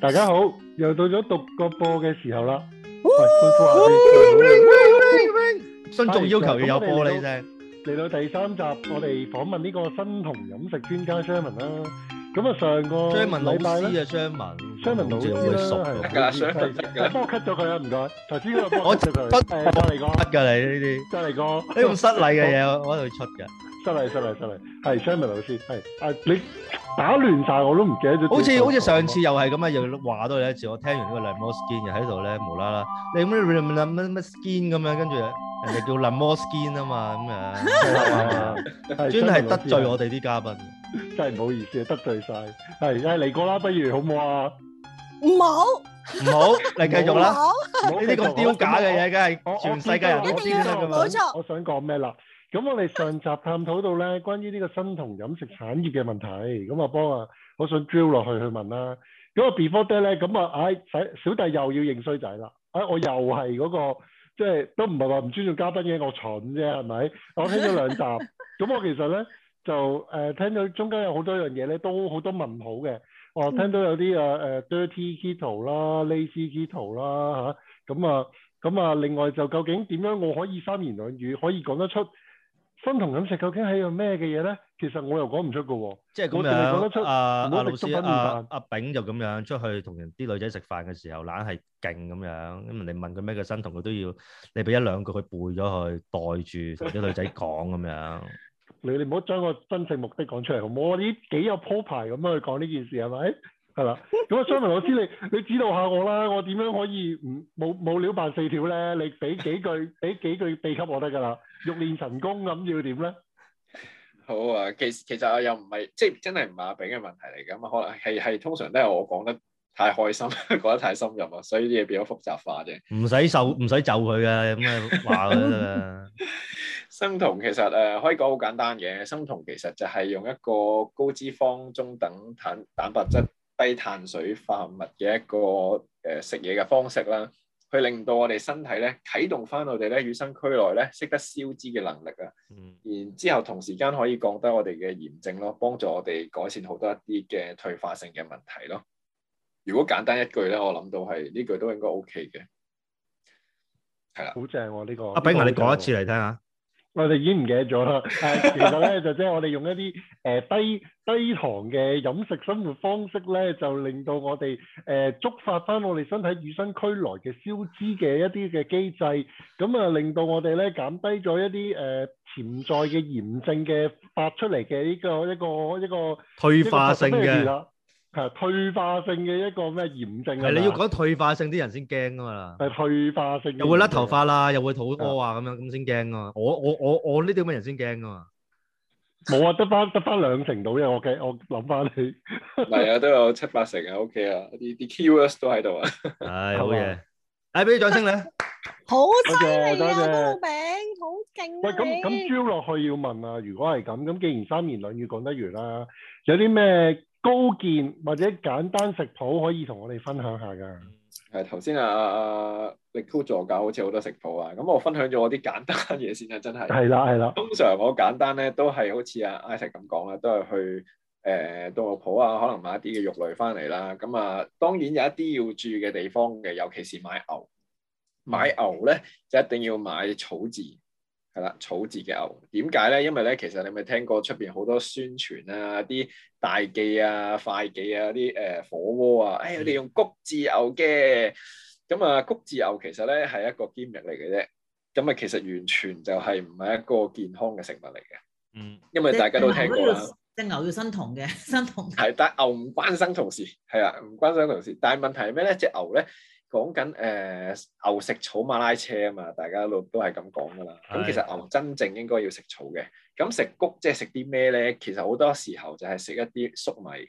大家好，又到咗獨角播嘅時候啦。吩咐下邊，觀眾要求要有波你先。嚟到第三集，我哋訪問呢個生酮飲食專家 Sherman 啦。咁啊，上個禮拜咧。Sherman 老師啊，Sherman，Sherman 老師啦，係。我 cut 咗佢啊，唔該。頭先嗰個波嚟過，cut 噶你呢啲，嚟過。你用失禮嘅嘢我喺度出嘅。失禮，失禮，失禮，係 Sherman 老師，係，係你。打亂晒，我都唔記得咗。好似好似上次又係咁啊，又話到你一次。我聽完呢個 Limoskin 又喺度咧，無啦啦，你咁乜乜乜 skin 咁樣，跟住人哋叫 Limoskin 啊嘛，咁啊，專係、啊、得罪我哋啲嘉賓，真係唔好意思得罪晒。係，咁嚟過啦，不如好唔好啊？唔好，唔 好，你繼續啦。好，呢啲咁丟架嘅嘢，梗係全世界人都知啦。冇錯，我想講咩啦？ 咁我哋上集探討到咧，關於呢個生酮飲食產業嘅問題，咁啊波啊，我想 drill 落去去問啦。咁啊 before that 咧，咁、哎、啊，唉，小小弟又要認衰仔啦。唉、哎，我又係嗰、那個，即、就、係、是、都唔係話唔尊重嘉賓嘅，我蠢啫，係咪？我聽咗兩集，咁 我其實咧就誒、呃，聽到中間有好多樣嘢咧，都好多問號嘅。我聽到有啲啊誒 dirty keto 啦，lazy keto 啦吓，咁、呃、啊，咁啊，啊，啊，啊，另外就究竟點樣我可以三言兩語可以講得出？生酮飲食究竟係樣咩嘅嘢咧？其實我又講唔出個喎。即係咁樣，阿阿、啊、老師，阿阿炳就咁樣出去同人啲女仔食飯嘅時候，懶係勁咁樣。咁人哋問佢咩嘅生酮，佢都要你俾一兩句，佢背咗去，袋住同啲女仔講咁樣。你哋唔好將個真正的目的講出嚟，好冇？我呢幾個鋪排咁樣去講呢件事係咪？是係啦，咁啊，張明 老師，你你指導下我啦，我點樣可以唔冇冇料辦四條咧？你俾幾句俾幾句秘笈我得噶啦，欲練神功咁要點咧？好啊，其實其實啊又唔係即係真係唔係阿炳嘅問題嚟噶嘛，可能係係通常都係我講得太開心，講得太深入啊，所以啲嘢變咗複雜化啫。唔使受唔使就佢嘅咁啊，話 生酮其實誒可以講好簡單嘅，生酮其實就係用一個高脂肪、中等蛋蛋白質。低碳水化合物嘅一個誒、呃、食嘢嘅方式啦，去令到我哋身體咧啟動翻我哋咧與生俱來咧識得消脂嘅能力啊，嗯、然之後同時間可以降低我哋嘅炎症咯，幫助我哋改善好多一啲嘅退化性嘅問題咯。如果簡單一句咧，我諗到係呢句都應該 OK 嘅，係啦。好正喎呢個！阿炳呀，你講一次嚟聽下。我哋已經唔記得咗啦。其實咧就即係我哋用一啲誒低 低糖嘅飲食生活方式咧，就令到我哋誒觸發翻我哋身體與生俱來嘅消脂嘅一啲嘅機制，咁啊令到我哋咧減低咗一啲誒潛在嘅炎症嘅發出嚟嘅呢個一個，一個，一個退化性嘅。係退化性嘅一個咩炎症啊？係你要講退化性啲人先驚噶嘛？係退化性又會甩頭髮啦，又會肚屙啊，咁樣咁先驚啊！我我我我呢啲乜人先驚噶嘛？冇啊，得翻得翻兩成到啫，我計我諗翻起，係啊，都有七八成啊，屋企啊，啲啲 keywords 都喺度啊，係好嘢。哎，俾啲掌聲咧，好犀利啊，高餅，好勁啊！喂，咁咁招落去要問啊？如果係咁，咁既然三言兩語講得完啦，有啲咩？高見或者簡單食譜可以同我哋分享下噶？係頭先啊，力酷助教好似好多食譜啊。咁我分享咗我啲簡單嘢先啊，真係係啦係啦。通常我簡單咧都係好似阿阿成咁講啦，都係、啊、去誒動物鋪啊，可能買一啲嘅肉類翻嚟啦。咁啊，當然有一啲要注意嘅地方嘅，尤其是買牛，買牛咧就一定要買草飼。係啦，草飼嘅牛，點解咧？因為咧，其實你咪聽過出邊好多宣傳啊，啲大記啊、快記啊，啲誒火鍋啊，哎，我哋用穀飼牛嘅，咁啊穀飼牛其實咧係一個 gimmick 嚟嘅啫，咁啊其實完全就係唔係一個健康嘅食物嚟嘅。嗯，因為大家都聽過啦。隻牛要生酮嘅，生酮。係，但牛唔關生酮事，係啊，唔關生酮事。但係問題係咩咧？隻牛咧。講緊誒牛食草馬拉車啊嘛，大家一路都係咁講噶啦。咁的其實牛真正應該要食草嘅，咁食穀即係食啲咩咧？其實好多時候就係食一啲粟米，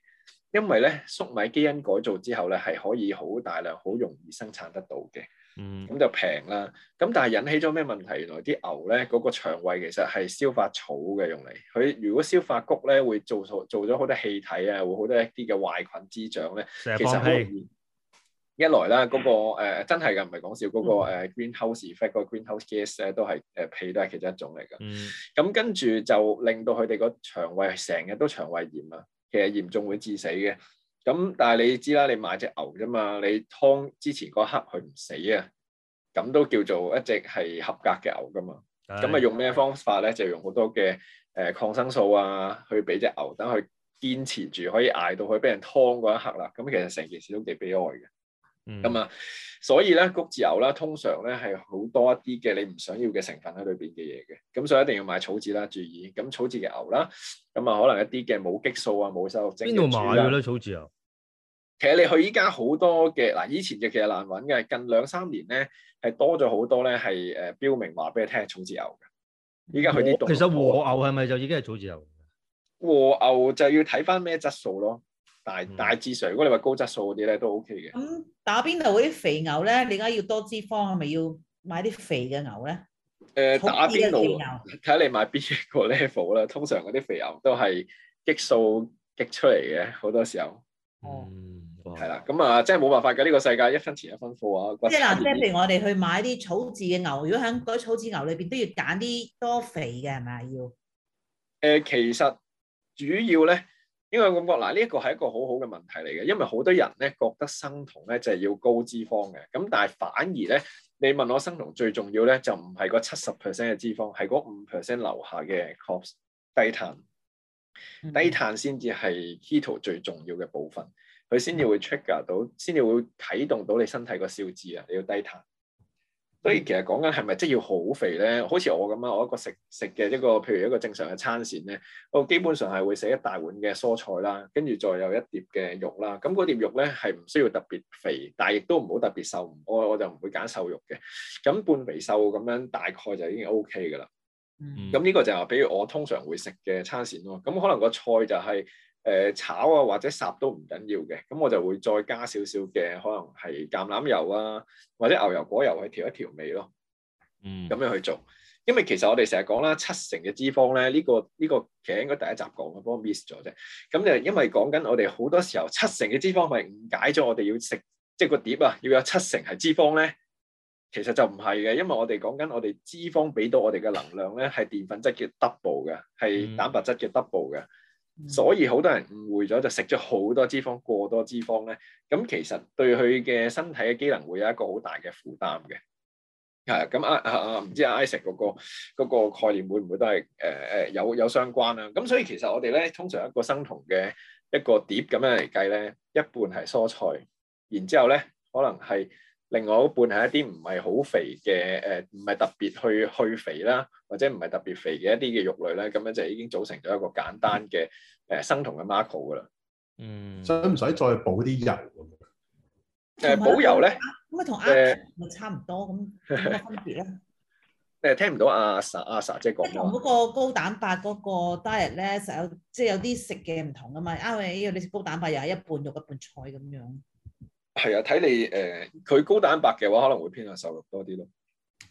因為咧粟米基因改造之後咧係可以好大量、好容易生產得到嘅。嗯，咁就平啦。咁但係引起咗咩問題？原來啲牛咧嗰、嗰個腸胃其實係消化草嘅用嚟，佢如果消化穀咧會做做咗好多氣體啊，會好多一啲嘅壞菌滋長咧，其實好一來啦，嗰個誒真係㗎，唔係講笑，嗰個誒 greenhouse effect、嗰個 greenhouse gas 咧，都係誒皮都係其中一種嚟㗎。咁跟住就令到佢哋個腸胃成日都腸胃炎啊，其實嚴重會致死嘅。咁但係你知啦，你買隻牛啫嘛，你劏之前嗰刻佢唔死啊，咁都叫做一隻係合格嘅牛㗎嘛。咁啊是用咩方法咧？就用好多嘅誒抗生素啊，去俾隻牛等佢堅持住可以捱到佢俾人劏嗰一刻啦。咁其實成件事都幾悲哀嘅。咁啊，嗯、所以咧穀飼牛啦，通常咧係好多一啲嘅你唔想要嘅成分喺裏邊嘅嘢嘅，咁所以一定要買草飼啦，注意。咁草飼嘅牛啦，咁、嗯、啊可能一啲嘅冇激素啊、冇瘦肉精嘅。邊度買嘅咧草飼牛？其實你去依家好多嘅嗱，以前嘅其實難揾嘅，近兩三年咧係多咗好多咧，係誒標明話俾你聽係草飼牛嘅。依家去啲和。其實和牛係咪就已經係草飼牛？和牛就要睇返咩質素咯。大大致上，如果你話高質素嗰啲咧，都 O K 嘅。咁、嗯、打邊爐嗰啲肥牛咧？點解要多脂肪，係咪要買啲肥嘅牛咧？誒、呃，打邊爐？睇下你買邊一個 level 啦。通常嗰啲肥牛都係激素激出嚟嘅，好多時候。哦、嗯，係啦，咁啊，即係冇辦法嘅呢、這個世界，一分錢一分貨啊。即係嗱，即係譬如我哋去買啲草飼嘅牛，如果喺嗰草飼牛裏邊都要揀啲多肥嘅係咪？要？誒、呃，其實主要咧。因為我感、這個我覺嗱，呢一個係一個好好嘅問題嚟嘅，因為好多人咧覺得生酮咧就係、是、要高脂肪嘅，咁但係反而咧，你問我生酮最重要咧就唔係個七十 percent 嘅脂肪，係嗰五 percent 留下嘅 carbs 低碳，嗯、低碳先至係 keto 最重要嘅部分，佢先至會 trigger 到，先至會啟動到你身體個消脂啊，你要低碳。嗯、所以其實講緊係咪即係要好，好肥咧？好似我咁樣，我一個食食嘅一個，譬如一個正常嘅餐膳咧，我基本上係會食一大碗嘅蔬菜啦，跟住再有一碟嘅肉啦。咁嗰碟肉咧係唔需要特別肥，但係亦都唔好特別瘦。我我就唔會揀瘦肉嘅。咁半肥瘦咁樣大概就已經 OK 㗎啦。嗯，咁呢個就係話比如我通常會食嘅餐膳咯。咁可能個菜就係、是、～誒、呃、炒啊或者烚都唔緊要嘅，咁我就會再加少少嘅，可能係橄欖油啊或者牛油果油去調一調味咯，嗯，咁樣去做。因為其實我哋成日講啦，七成嘅脂肪咧，呢、呢個呢、呢個其實應該第一集講嘅，幫我 miss 咗啫。咁就因為講緊我哋好多時候七成嘅脂肪，咪誤解咗我哋要食，即係個碟啊要有七成係脂肪咧，其實就唔係嘅，因為我哋講緊我哋脂肪俾到我哋嘅能量咧係澱粉質嘅 double 嘅，係蛋白質嘅 double 嘅。嗯。所以好多人誤會咗，就食咗好多脂肪，過多脂肪咧，咁其實對佢嘅身體嘅機能會有一個好大嘅負擔嘅。係、啊，咁阿阿唔知阿 Isaac 嗰個、嗰個概念會唔會都係誒誒有有相關啦？咁所以其實我哋咧通常一個生酮嘅一個碟咁樣嚟計咧，一半係蔬菜，然之後咧可能係。另外一半係一啲唔係好肥嘅，誒唔係特別去去肥啦，或者唔係特別肥嘅一啲嘅肉類咧，咁樣就已經組成咗一個簡單嘅誒生酮嘅 macro 噶啦。嗯。使唔使再補啲油呢？誒補油咧，咁咪同阿差唔多，咁有乜分別咧？誒、 嗯、聽唔到阿 sa 阿 sa 姐講。即係同嗰個高蛋白嗰個 diet 咧，實、即係、有即係有啲食嘅唔同啊嘛，因為呢樣你食高蛋白又係一半肉，一半，肉一半菜咁樣。係啊，睇你誒，佢、呃、高蛋白嘅話，可能會偏向瘦肉多啲咯。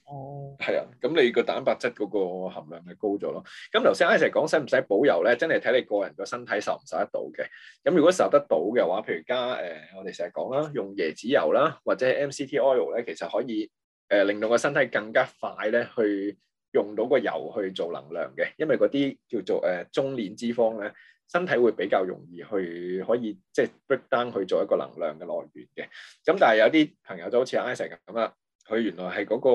哦，係啊，咁你個蛋白質嗰個含量係高咗咯。咁頭先 I 成日講使唔使補油咧？真係睇你個人個身體受唔受得到嘅。咁如果受得到嘅話，譬如加誒、呃，我哋成日講啦，用椰子油啦，或者 MCT oil 咧，其實可以誒、呃、令到個身體更加快咧去用到個油去做能量嘅，因為嗰啲叫做誒、呃、中鏈脂肪咧。身體會比較容易去可以即係、就是、break down 去做一個能量嘅來源嘅，咁但係有啲朋友就好似阿 i s 咁啦，佢原來係嗰個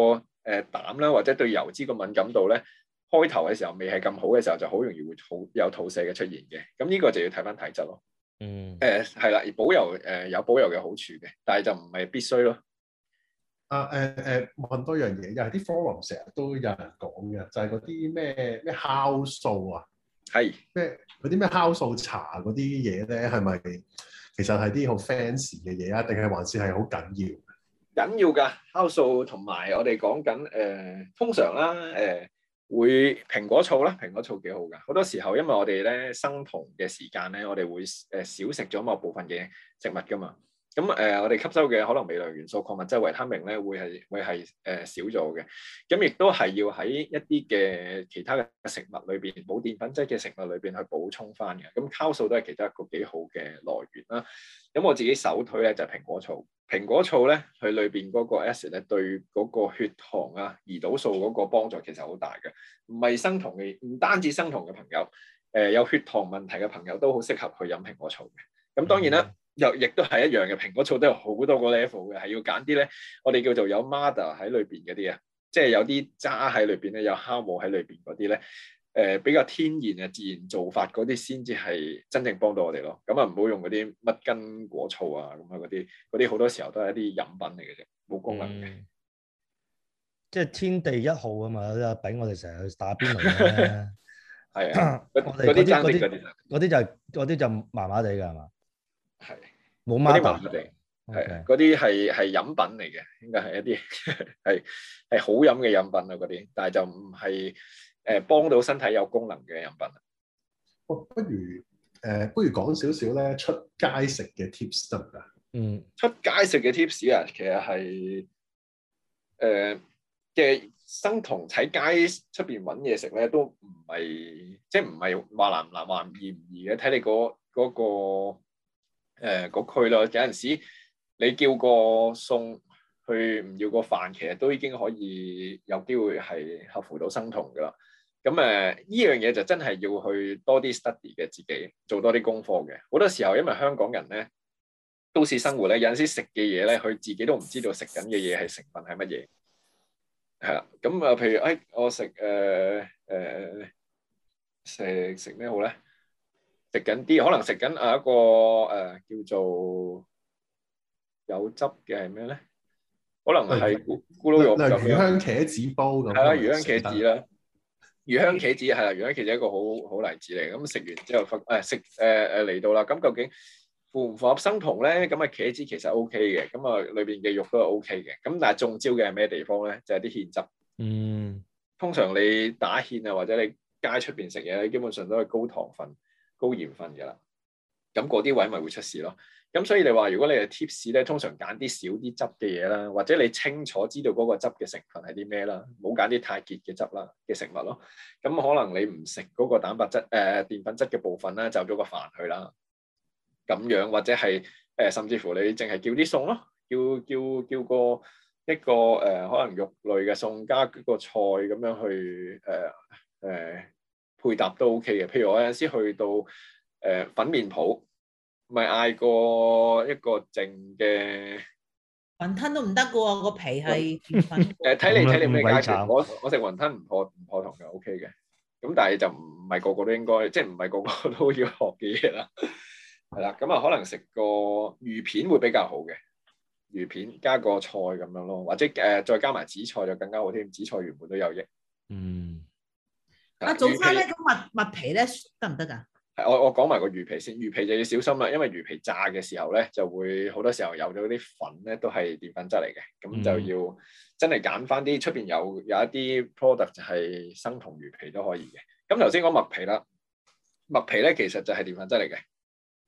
誒膽啦，或者對油脂個敏感度咧，開頭嘅時候未係咁好嘅時候，就好容易會好有肚瀉嘅出現嘅。咁、這、呢個就要睇返體質咯。嗯，誒係、呃、啦，保油誒、呃、有保油嘅好處嘅，但係就唔係必須咯。啊誒誒、呃、問多樣嘢，又係啲 forum 成日都有人講嘅，就係嗰啲咩咩酵素啊。係，咩嗰啲咩酵素茶嗰啲嘢咧，係咪其實係啲好 fancy 嘅嘢啊？定係還是係好緊要？緊要噶酵素同埋我哋講緊誒，通常啦誒、呃、會蘋果醋啦，蘋果醋幾好噶。好多時候因為我哋咧生酮嘅時間咧，我哋會誒少食咗某部分嘅食物噶嘛。咁誒、呃，我哋吸收嘅可能微量元素、礦物質、維他命咧，會係會係誒、呃、少咗嘅。咁亦都係要喺一啲嘅其他嘅食物裏邊，冇澱粉質嘅食物裏邊去補充翻嘅。咁酵素都係其他一個幾好嘅來源啦。咁我自己首推咧就係，蘋果醋。蘋果醋咧，佢裏邊嗰個 acid 咧，對嗰個血糖啊、胰島素嗰個幫助其實好大嘅。唔係生酮嘅，唔單止生酮嘅朋友，誒、呃、有血糖問題嘅朋友都好適合去飲蘋果醋嘅。咁當然啦。嗯又亦都係一樣嘅，蘋果醋都有好多個 level 嘅，係要揀啲咧，我哋叫做有 mother 喺裏邊嗰啲啊，即係有啲渣喺裏邊咧，有酵母喺裏邊嗰啲咧，誒比較天然嘅自然做法嗰啲先至係真正幫到我哋咯。咁啊，唔好用嗰啲乜根果醋啊，咁啊嗰啲，嗰啲好多時候都係一啲飲品嚟嘅啫，冇功能嘅。即係天地一號啊嘛，俾我哋成日去打邊爐咧，係啊，嗰啲啲啲就係啲就麻麻地㗎係嘛？係，冇乜白地，係嗰啲係係飲品嚟嘅，應該係一啲係係好飲嘅飲品啊。嗰啲，但係就唔係誒幫到身體有功能嘅飲品。我不如誒，不如講、呃、少少咧，出街食嘅 tips 啦。嗯，出街食嘅 tips 啊，其實係誒嘅生酮喺街出邊搵嘢食咧，都唔係即係唔係話難難話難唔難話易唔易嘅，睇你嗰、嗰個。嗰個嗰個誒，呃那個區咯，有陣時你叫個餸，去唔要個飯，其實都已經可以有機會係合乎到生酮噶啦。咁誒，呢、呃、樣嘢就真係要去多啲 study 嘅，自己做多啲功課嘅。好多時候因為香港人咧，都市生活咧，有陣時食嘅嘢咧，佢自己都唔知道食緊嘅嘢係成分係乜嘢。係啦，咁啊，譬如誒、哎，我食誒誒食食咩好咧？呃呃食緊啲，可能食緊誒一個誒、呃、叫做有汁嘅係咩咧？可能係咕咕嚕肉，魚香茄子煲咁。係啦，魚香茄子啦，魚香茄子係啦，魚香茄子一個好好例子嚟。咁食完之後分食誒誒嚟到啦。咁究竟符唔符合生酮咧？咁啊茄子其實 O K 嘅，咁啊裏邊嘅肉都 O K 嘅。咁但係中招嘅係咩地方咧？就係啲芡汁。嗯，通常你打芡啊，或者你街出邊食嘢咧，基本上都係高糖分。高鹽分嘅啦，咁嗰啲位咪會出事咯。咁所以你話，如果你係 tips 咧，通常揀啲少啲汁嘅嘢啦，或者你清楚知道嗰個汁嘅成分係啲咩啦，冇揀啲太結嘅汁啦嘅食物咯。咁可能你唔食嗰個蛋白質誒澱粉質嘅部分啦，走咗個飯去啦。咁樣或者係誒、呃，甚至乎你淨係叫啲餸咯，叫叫叫個一個誒、呃，可能肉類嘅餸加個菜咁樣去誒誒。呃呃配搭都 OK 嘅，譬如我有陣時去到誒、呃、粉麵鋪，咪嗌過一個淨嘅雲吞都唔得嘅喎，個皮係粉。睇你睇你咩階層，我我食雲吞唔破唔破糖就 OK 嘅，咁但係就唔係個個都應該，即係唔係個個都要學嘅嘢啦。係 啦，咁啊可能食個魚片會比較好嘅，魚片加個菜咁樣咯，或者誒、呃、再加埋紫菜就更加好添，紫菜原本都有益。嗯。啊，早餐咧，咁麥麥皮咧得唔得噶？係我我講埋個魚皮先，魚皮就要小心啦，因為魚皮炸嘅時候咧，就會好多時候有咗啲粉咧，都係澱粉質嚟嘅，咁就要真係揀翻啲出邊有有一啲 product 就係生酮魚皮都可以嘅。咁頭先講麥皮啦，麥皮咧其實就係澱粉質嚟嘅，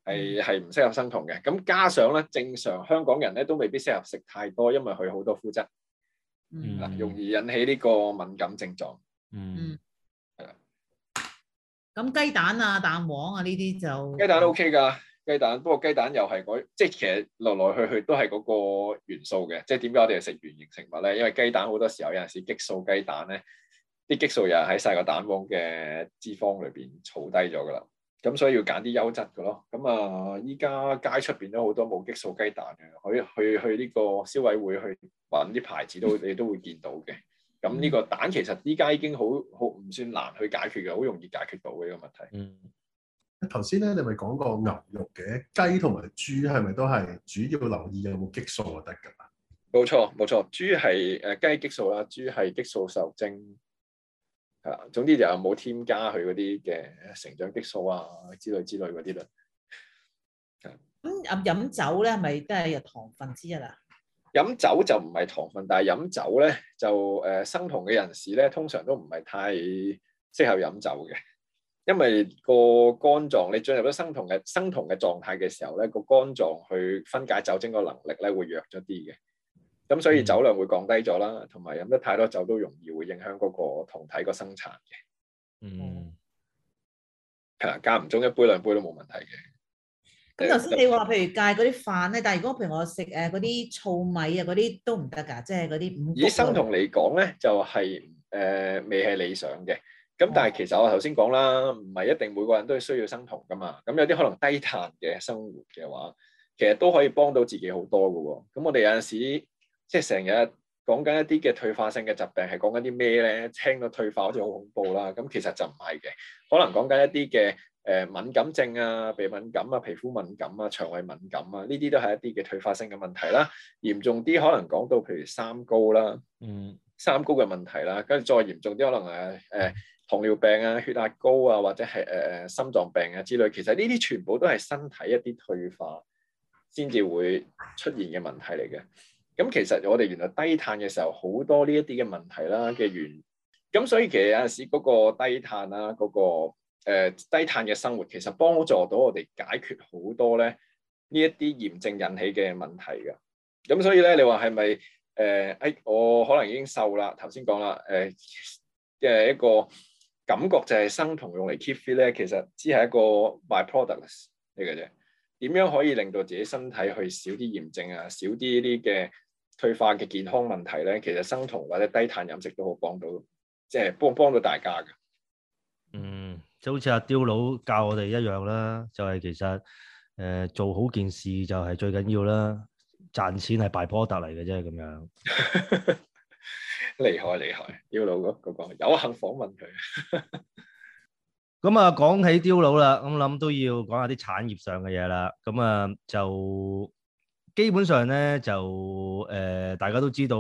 係係唔適合生酮嘅。咁加上咧，正常香港人咧都未必適合食太多，因為佢好多麩質，嗯，容易引起呢個敏感症狀，嗯。嗯咁雞蛋啊、蛋黃啊呢啲就雞蛋都 OK 㗎。雞蛋不過雞蛋又係嗰即係其實來來去去都係嗰個元素嘅，即係點解我哋要食原形食物咧？因為雞蛋好多時候有陣時激素雞蛋咧，啲激素又喺曬個蛋黃嘅脂肪裏邊儲低咗㗎啦。咁所以要揀啲優質嘅咯。咁啊，依家街出邊都好多冇激素雞蛋嘅，可以去去呢個消委會去揾啲牌子你都你都會見到嘅。咁呢個蛋其實依家已經好好唔算難去解決嘅，好容易解決到嘅呢個問題。嗯，頭先咧你咪講過牛肉嘅雞同埋豬係咪都係主要留意有冇激素得㗎嘛？冇錯冇錯，豬係誒雞激素啦，豬係激素受精，係啦。總之就有冇添加佢嗰啲嘅成長激素啊之類之類嗰啲啦。咁啊的飲酒咧係咪都係有糖分之一啊？飲酒就唔係糖分，但係飲酒咧就誒、呃、生酮嘅人士咧，通常都唔係太適合飲酒嘅，因為個肝臟你進入咗生酮嘅生酮嘅狀態嘅時候咧，個肝臟去分解酒精個能力咧會弱咗啲嘅，咁所以酒量會降低咗啦，同埋飲得太多酒都容易會影響嗰個酮體個生產嘅。嗯，係啦，間唔中一杯兩杯都冇問題嘅。咁頭先你話、嗯、譬如戒嗰啲飯咧，但係如果譬如我食誒嗰啲糙米啊嗰啲都唔得㗎，即係嗰啲五穀。以生酮嚟講咧，就係、是、誒、呃、未係理想嘅。咁但係其實我頭先講啦，唔係一定每個人都需要生酮㗎嘛。咁有啲可能低碳嘅生活嘅話，其實都可以幫到自己好多嘅喎。咁我哋有陣時即係成日講緊一啲嘅退化性嘅疾病係講緊啲咩咧？聽到退化好似好恐怖啦。咁其實就唔係嘅，可能講緊一啲嘅。誒、呃、敏感症啊、鼻敏感啊、皮膚敏感啊、腸胃敏感啊，呢啲都係一啲嘅退化性嘅問題啦。嚴重啲可能講到譬如三高啦，嗯，三高嘅問題啦，跟住再嚴重啲可能誒誒、呃、糖尿病啊、血壓高啊，或者係誒誒心臟病啊之類。其實呢啲全部都係身體一啲退化先至會出現嘅問題嚟嘅。咁、嗯、其實我哋原來低碳嘅時候，好多呢一啲嘅問題啦嘅原因。咁所以其實有陣時嗰個低碳啊，嗰、嗰個。誒、呃、低碳嘅生活其實幫助到我哋解決好多咧呢一啲炎症引起嘅問題㗎。咁所以咧，你話係咪誒？誒、呃哎、我可能已經瘦啦。頭先講啦，誒、呃、嘅一個感覺就係生酮用嚟 keep fit 咧，其實只係一個 by product 嚟嘅啫。點樣可以令到自己身體去少啲炎症啊，少啲呢啲嘅退化嘅健康問題咧？其實生酮或者低碳飲食都好幫到，即、就、係、是、幫幫到大家㗎。嗯。即係好似阿雕佬教我哋一樣啦，就係其實誒做好件事就係最緊要啦，賺錢係 byproduct 嚟嘅啫，咁樣。厲害厲害，雕佬嗰個有幸訪問佢。咁啊，講起雕佬啦，咁諗都要講下啲產業上嘅嘢啦。咁啊，就基本上咧就誒，大家都知道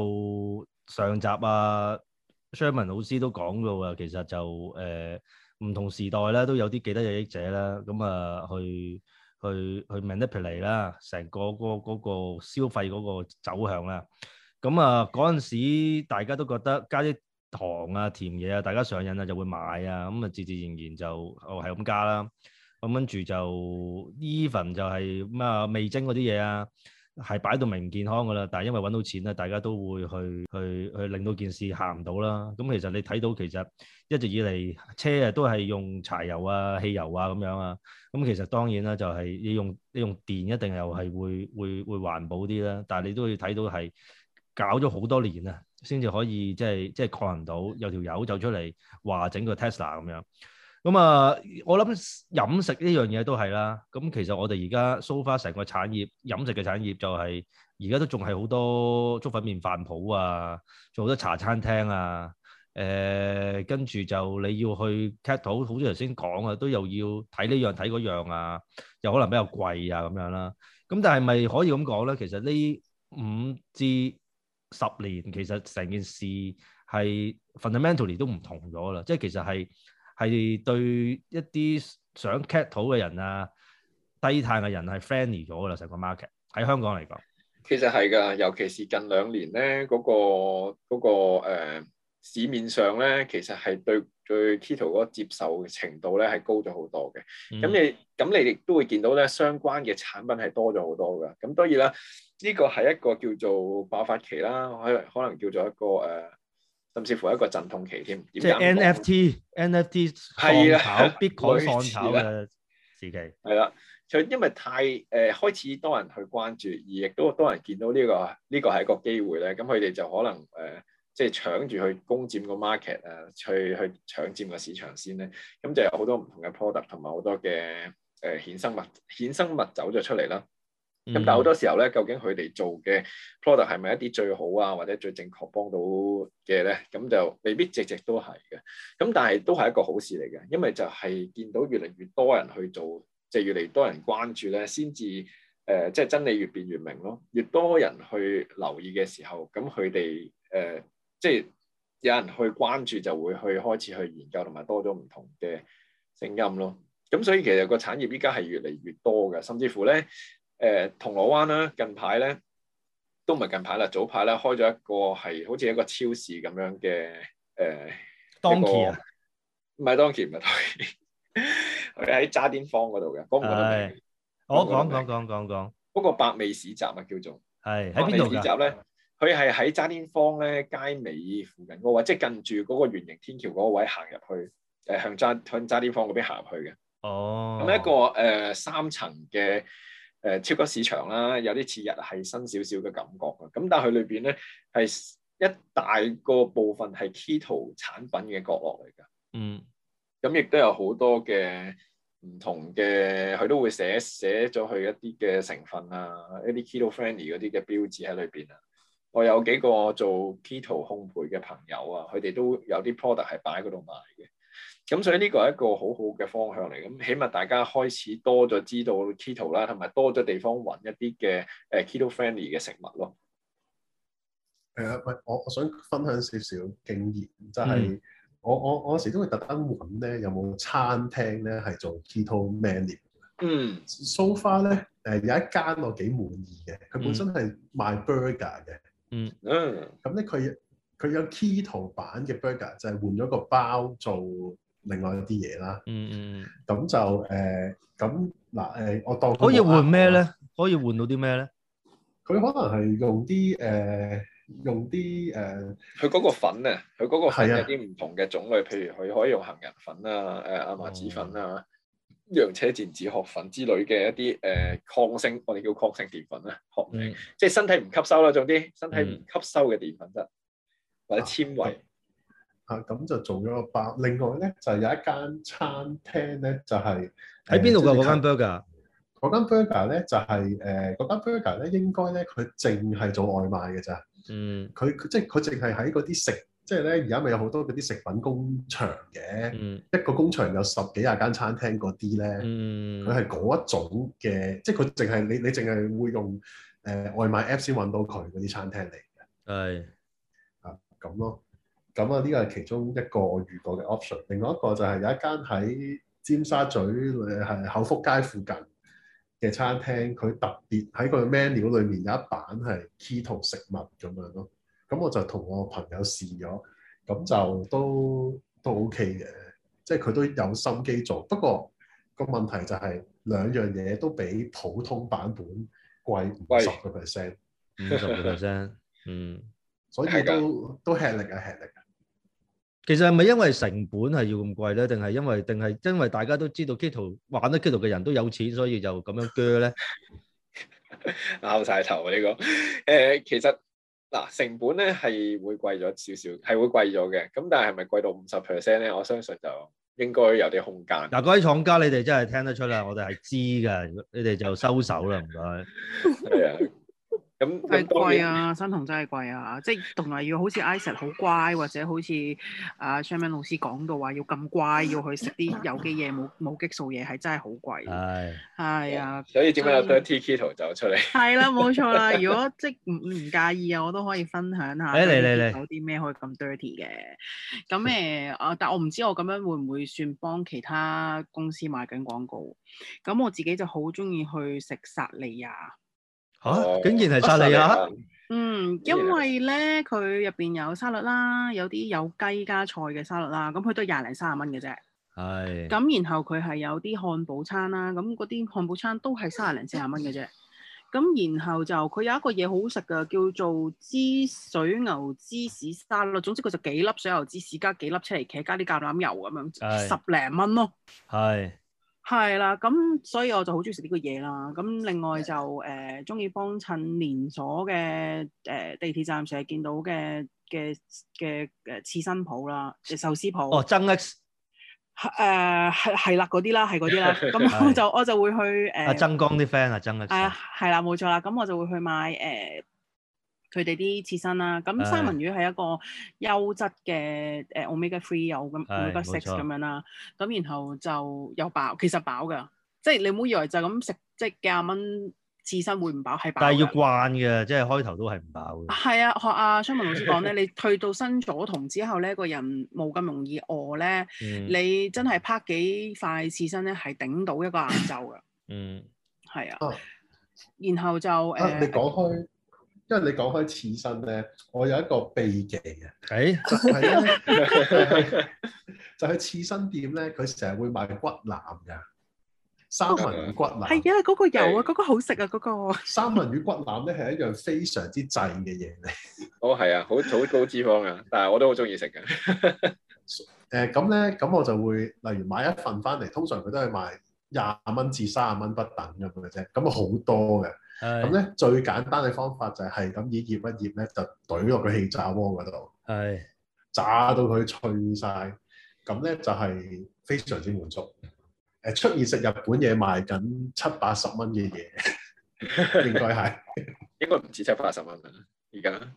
上集啊，Sherman 老師都講到啊，其實就誒。唔同時代咧都有啲既得利益者啦。咁啊去去去 manipulate 啦，成個嗰嗰個消費嗰個走向啦，咁啊嗰陣時大家都覺得加啲糖啊甜嘢啊，大家上癮啊就會買啊。咁啊自自然然就哦，係咁加啦，咁跟住就 even 就係咩味精嗰啲嘢啊。係擺到明健康噶啦，但係因為揾到錢咧，大家都會去去去令到件事行唔到啦。咁其實你睇到其實一直以嚟車啊都係用柴油啊、汽油啊咁樣啊。咁其實當然啦，就係、是、你用你用電一定又係會會會環保啲啦。但係你都要睇到係搞咗好多年啊，先至可以即係即係確認到有條友走出嚟話整個 Tesla 咁樣。咁啊、嗯，我諗飲食呢樣嘢都係啦。咁、嗯、其實我哋而家 so far 成個產業，飲食嘅產業就係而家都仲係好多粥粉麵飯鋪啊，仲好多茶餐廳啊。誒、呃，跟住就你要去 cut 到，好似頭先講啊，都又要睇呢樣睇嗰樣啊，又可能比較貴啊咁樣啦。咁、嗯、但係咪可以咁講咧？其實呢五至十年，其實成件事係 fundamentally 都唔同咗啦，即係其實係。係對一啲想 cat 土嘅人啊、低碳嘅人係 friendly 咗㗎啦，成個 market 喺香港嚟講，其實係㗎，尤其是近兩年咧嗰、那個嗰、那個呃、市面上咧，其實係對對 keto 嗰個接受嘅程度咧係高咗好多嘅。咁、嗯、你咁你亦都會見到咧，相關嘅產品係多咗好多㗎。咁當然啦，呢個係一個叫做爆發期啦，可可能叫做一個誒。呃甚至乎一個陣痛期添，即係 NFT，NFT 係啊，必狂炒嘅自己係啦，就因為太誒開始多人去關注，而亦都多人見到呢、呢個呢、呢個係一個機會咧，咁佢哋就可能誒即係搶住去攻佔個 market 啊，去去搶佔個市場先咧，咁就有好多唔同嘅 product 同埋好多嘅誒、呃、衍生物，衍生物走咗出嚟啦。咁、嗯、但係好多時候咧，究竟佢哋做嘅 product 係咪一啲最好啊，或者最正確幫到嘅咧？咁就未必直直都係嘅。咁但係都係一個好事嚟嘅，因為就係見到越嚟越多人去做，即、就、係、是、越嚟越多人關注咧，先至誒，即、呃、係、就是、真理越變越明咯。越多人去留意嘅時候，咁佢哋誒，即、呃、係、就是、有人去關注就會去開始去研究，同埋多咗唔同嘅聲音咯。咁所以其實個產業依家係越嚟越多嘅，甚至乎咧。誒、呃、銅鑼灣啦，近排咧都唔係近排啦，早排咧開咗一個係好似一個超市咁樣嘅誒，當其唔係當其唔係，佢喺 Don key? 渣甸坊嗰度嘅，覺唔覺得？我講講講講講，嗰個百味市集啊，叫做係喺邊度市集咧？佢係喺渣甸坊咧街尾附近嗰位，即係近住嗰個圓形天橋嗰位行入去，誒、呃、向渣向渣甸坊嗰邊行入去嘅。哦，咁一個誒、呃、三層嘅。誒、呃、超級市場啦，有啲似日系新少少嘅感覺啊！咁但係佢裏邊咧係一大個部分係 Keto 產品嘅角落嚟㗎。嗯，咁亦都有好多嘅唔同嘅，佢都會寫寫咗佢一啲嘅成分啊，一啲 Keto-friendly 嗰啲嘅標誌喺裏邊啊。我有幾個做 Keto 烘焙嘅朋友啊，佢哋都有啲 product 係擺喺嗰度賣嘅。咁所以呢個係一個好好嘅方向嚟，咁起碼大家開始多咗知道 keto 啦，同埋多咗地方揾一啲嘅誒 keto-friendly 嘅食物咯。誒、呃，唔我我想分享少少經驗，就係、是、我、嗯、我我，我有時都會特登揾咧，有冇餐廳咧係做 keto menu 嘅嗯。so far 咧，誒、呃、有一間我幾滿意嘅，佢本身係賣 burger 嘅。嗯。嗯。咁咧佢佢有 keto 版嘅 burger，就係換咗個包做。另外一啲嘢啦，嗯嗯，咁就誒，咁嗱誒，我當我可以換咩咧？可以換到啲咩咧？佢可能係用啲誒、呃，用啲誒，佢、呃、嗰個粉咧，佢嗰個粉有啲唔同嘅種類，啊、譬如佢可以用杏仁粉啊，誒阿麻子粉啊，哦、洋車前子殼粉之類嘅一啲誒、呃、抗性，我哋叫抗性澱粉啦、啊，學名，嗯、即係身體唔吸收啦，總之身體唔吸收嘅澱粉質、啊嗯、或者纖維。啊，咁就做咗個包。另外咧，就係、有一間餐廳咧，就係喺邊度㗎？嗰間 burger，嗰間 burger 咧就係誒嗰間 burger 咧，應該咧佢淨係做外賣嘅咋。嗯，佢即係佢淨係喺嗰啲食，即係咧而家咪有好多嗰啲食品工場嘅，嗯、一個工場有十幾廿間餐廳嗰啲咧。佢係嗰一種嘅，即係佢淨係你你淨係會用誒外賣 app 先揾到佢嗰啲餐廳嚟嘅。係、哎、啊，咁咯。咁啊，呢個係其中一個我遇過嘅 option。另外一個就係有一間喺尖沙咀係口福街附近嘅餐廳，佢特別喺個 menu 裏面有一版係 keto 食物咁樣咯。咁我就同我朋友試咗，咁就都都 OK 嘅，即係佢都有心機做。不過個問題就係、是、兩樣嘢都比普通版本貴五十個 percent，五十個 percent，嗯，所以都的都吃力啊，吃力啊！其實係咪因為成本係要咁貴咧？定係因為定係因為大家都知道 Keto，玩得 Keto 嘅人都有錢，所以就咁樣鋸咧？拗曬頭啊，呢個。誒，其實嗱成本咧係會貴咗少少，係會貴咗嘅。咁但係係咪貴到五十 percent 咧？我相信就應該有啲空間。嗱，各位廠家你哋真係聽得出啦，我哋係知㗎，你哋就收手啦，唔該。係啊。係貴啊，生酮真係貴啊！即係同埋要好似 Isaac 好乖，或者好似啊 Charmaine 老師講到話要咁乖，要去食啲有機嘢，冇冇激素嘢，係真係好貴。係係啊，所以點解有 dirty keto 走出嚟？係啦，冇錯啦。如果即係唔唔介意啊，我都可以分享下。誒嚟嚟嚟，有啲咩可以咁 dirty 嘅？咁誒，但我唔知我咁樣會唔會算幫其他公司買緊廣告？咁我自己就好中意去食薩莉亞。吓、啊，竟然係沙律啊！嗯，因為咧佢入邊有沙律啦，有啲有雞加菜嘅沙律啦，咁佢都係廿零卅蚊嘅啫。係是。咁然後佢係有啲漢堡餐啦，咁嗰啲漢堡餐都係卅零四十蚊嘅啫。咁 然後就佢有一個嘢好食噶，叫做芝水牛芝士沙律。總之佢就幾粒水牛芝士加幾粒車厘茄加啲橄欖油咁樣，是十零蚊咯。係。係啦，咁所以我就好中意食呢個嘢啦。咁另外就誒中意幫襯連鎖嘅誒、呃、地鐵站成日見到嘅嘅嘅誒刺身鋪、哦啊、啦，誒壽司鋪。哦，增一誒係係啦，嗰啲啦係嗰啲啦。咁我就， 我就，我就會去誒。阿曾光啲 friend 啊，增一。係啊，係啦，冇錯啦。咁我就會去買誒。呃佢哋啲刺身啦，咁三文魚係一個優質嘅誒，omega three 有咁，omega six 咁樣啦。咁然後就有飽，其實飽㗎，即係你唔好以為就咁食，即係幾廿蚊刺身會唔飽，係飽。但係要慣嘅，即係開頭都係唔飽嘅。係啊，學阿商文老師講咧，你去到生酮之後咧，個人冇咁容易餓咧。你真係啪幾塊刺身咧，係頂到一個晏晝㗎。嗯，係啊。然後就誒，你講開。因為你講開刺身咧，我有一個秘技嘅，係、欸、就係 刺身店咧，佢成日會賣骨腩噶，三文魚骨腩係、哦，那個、啊，嗰的個油啊，嗰、那個好食啊，嗰個三文魚骨腩咧係一樣非常之滯嘅嘢嚟。哦，係啊，好好高脂肪啊， 但係我都好中意食嘅。誒咁咧，咁我就會例如買一份翻嚟，通常佢都係賣廿蚊至卅蚊不等咁樣嘅啫，咁啊好多嘅。咁咧最簡單嘅方法就係係咁以醃一醃咧，就懟落個氣炸鍋嗰度，係的炸到佢脆晒。咁咧就係非常之滿足。誒出面食日本嘢賣緊七八十蚊嘅嘢，應該係 應該唔止七八十蚊啦。而家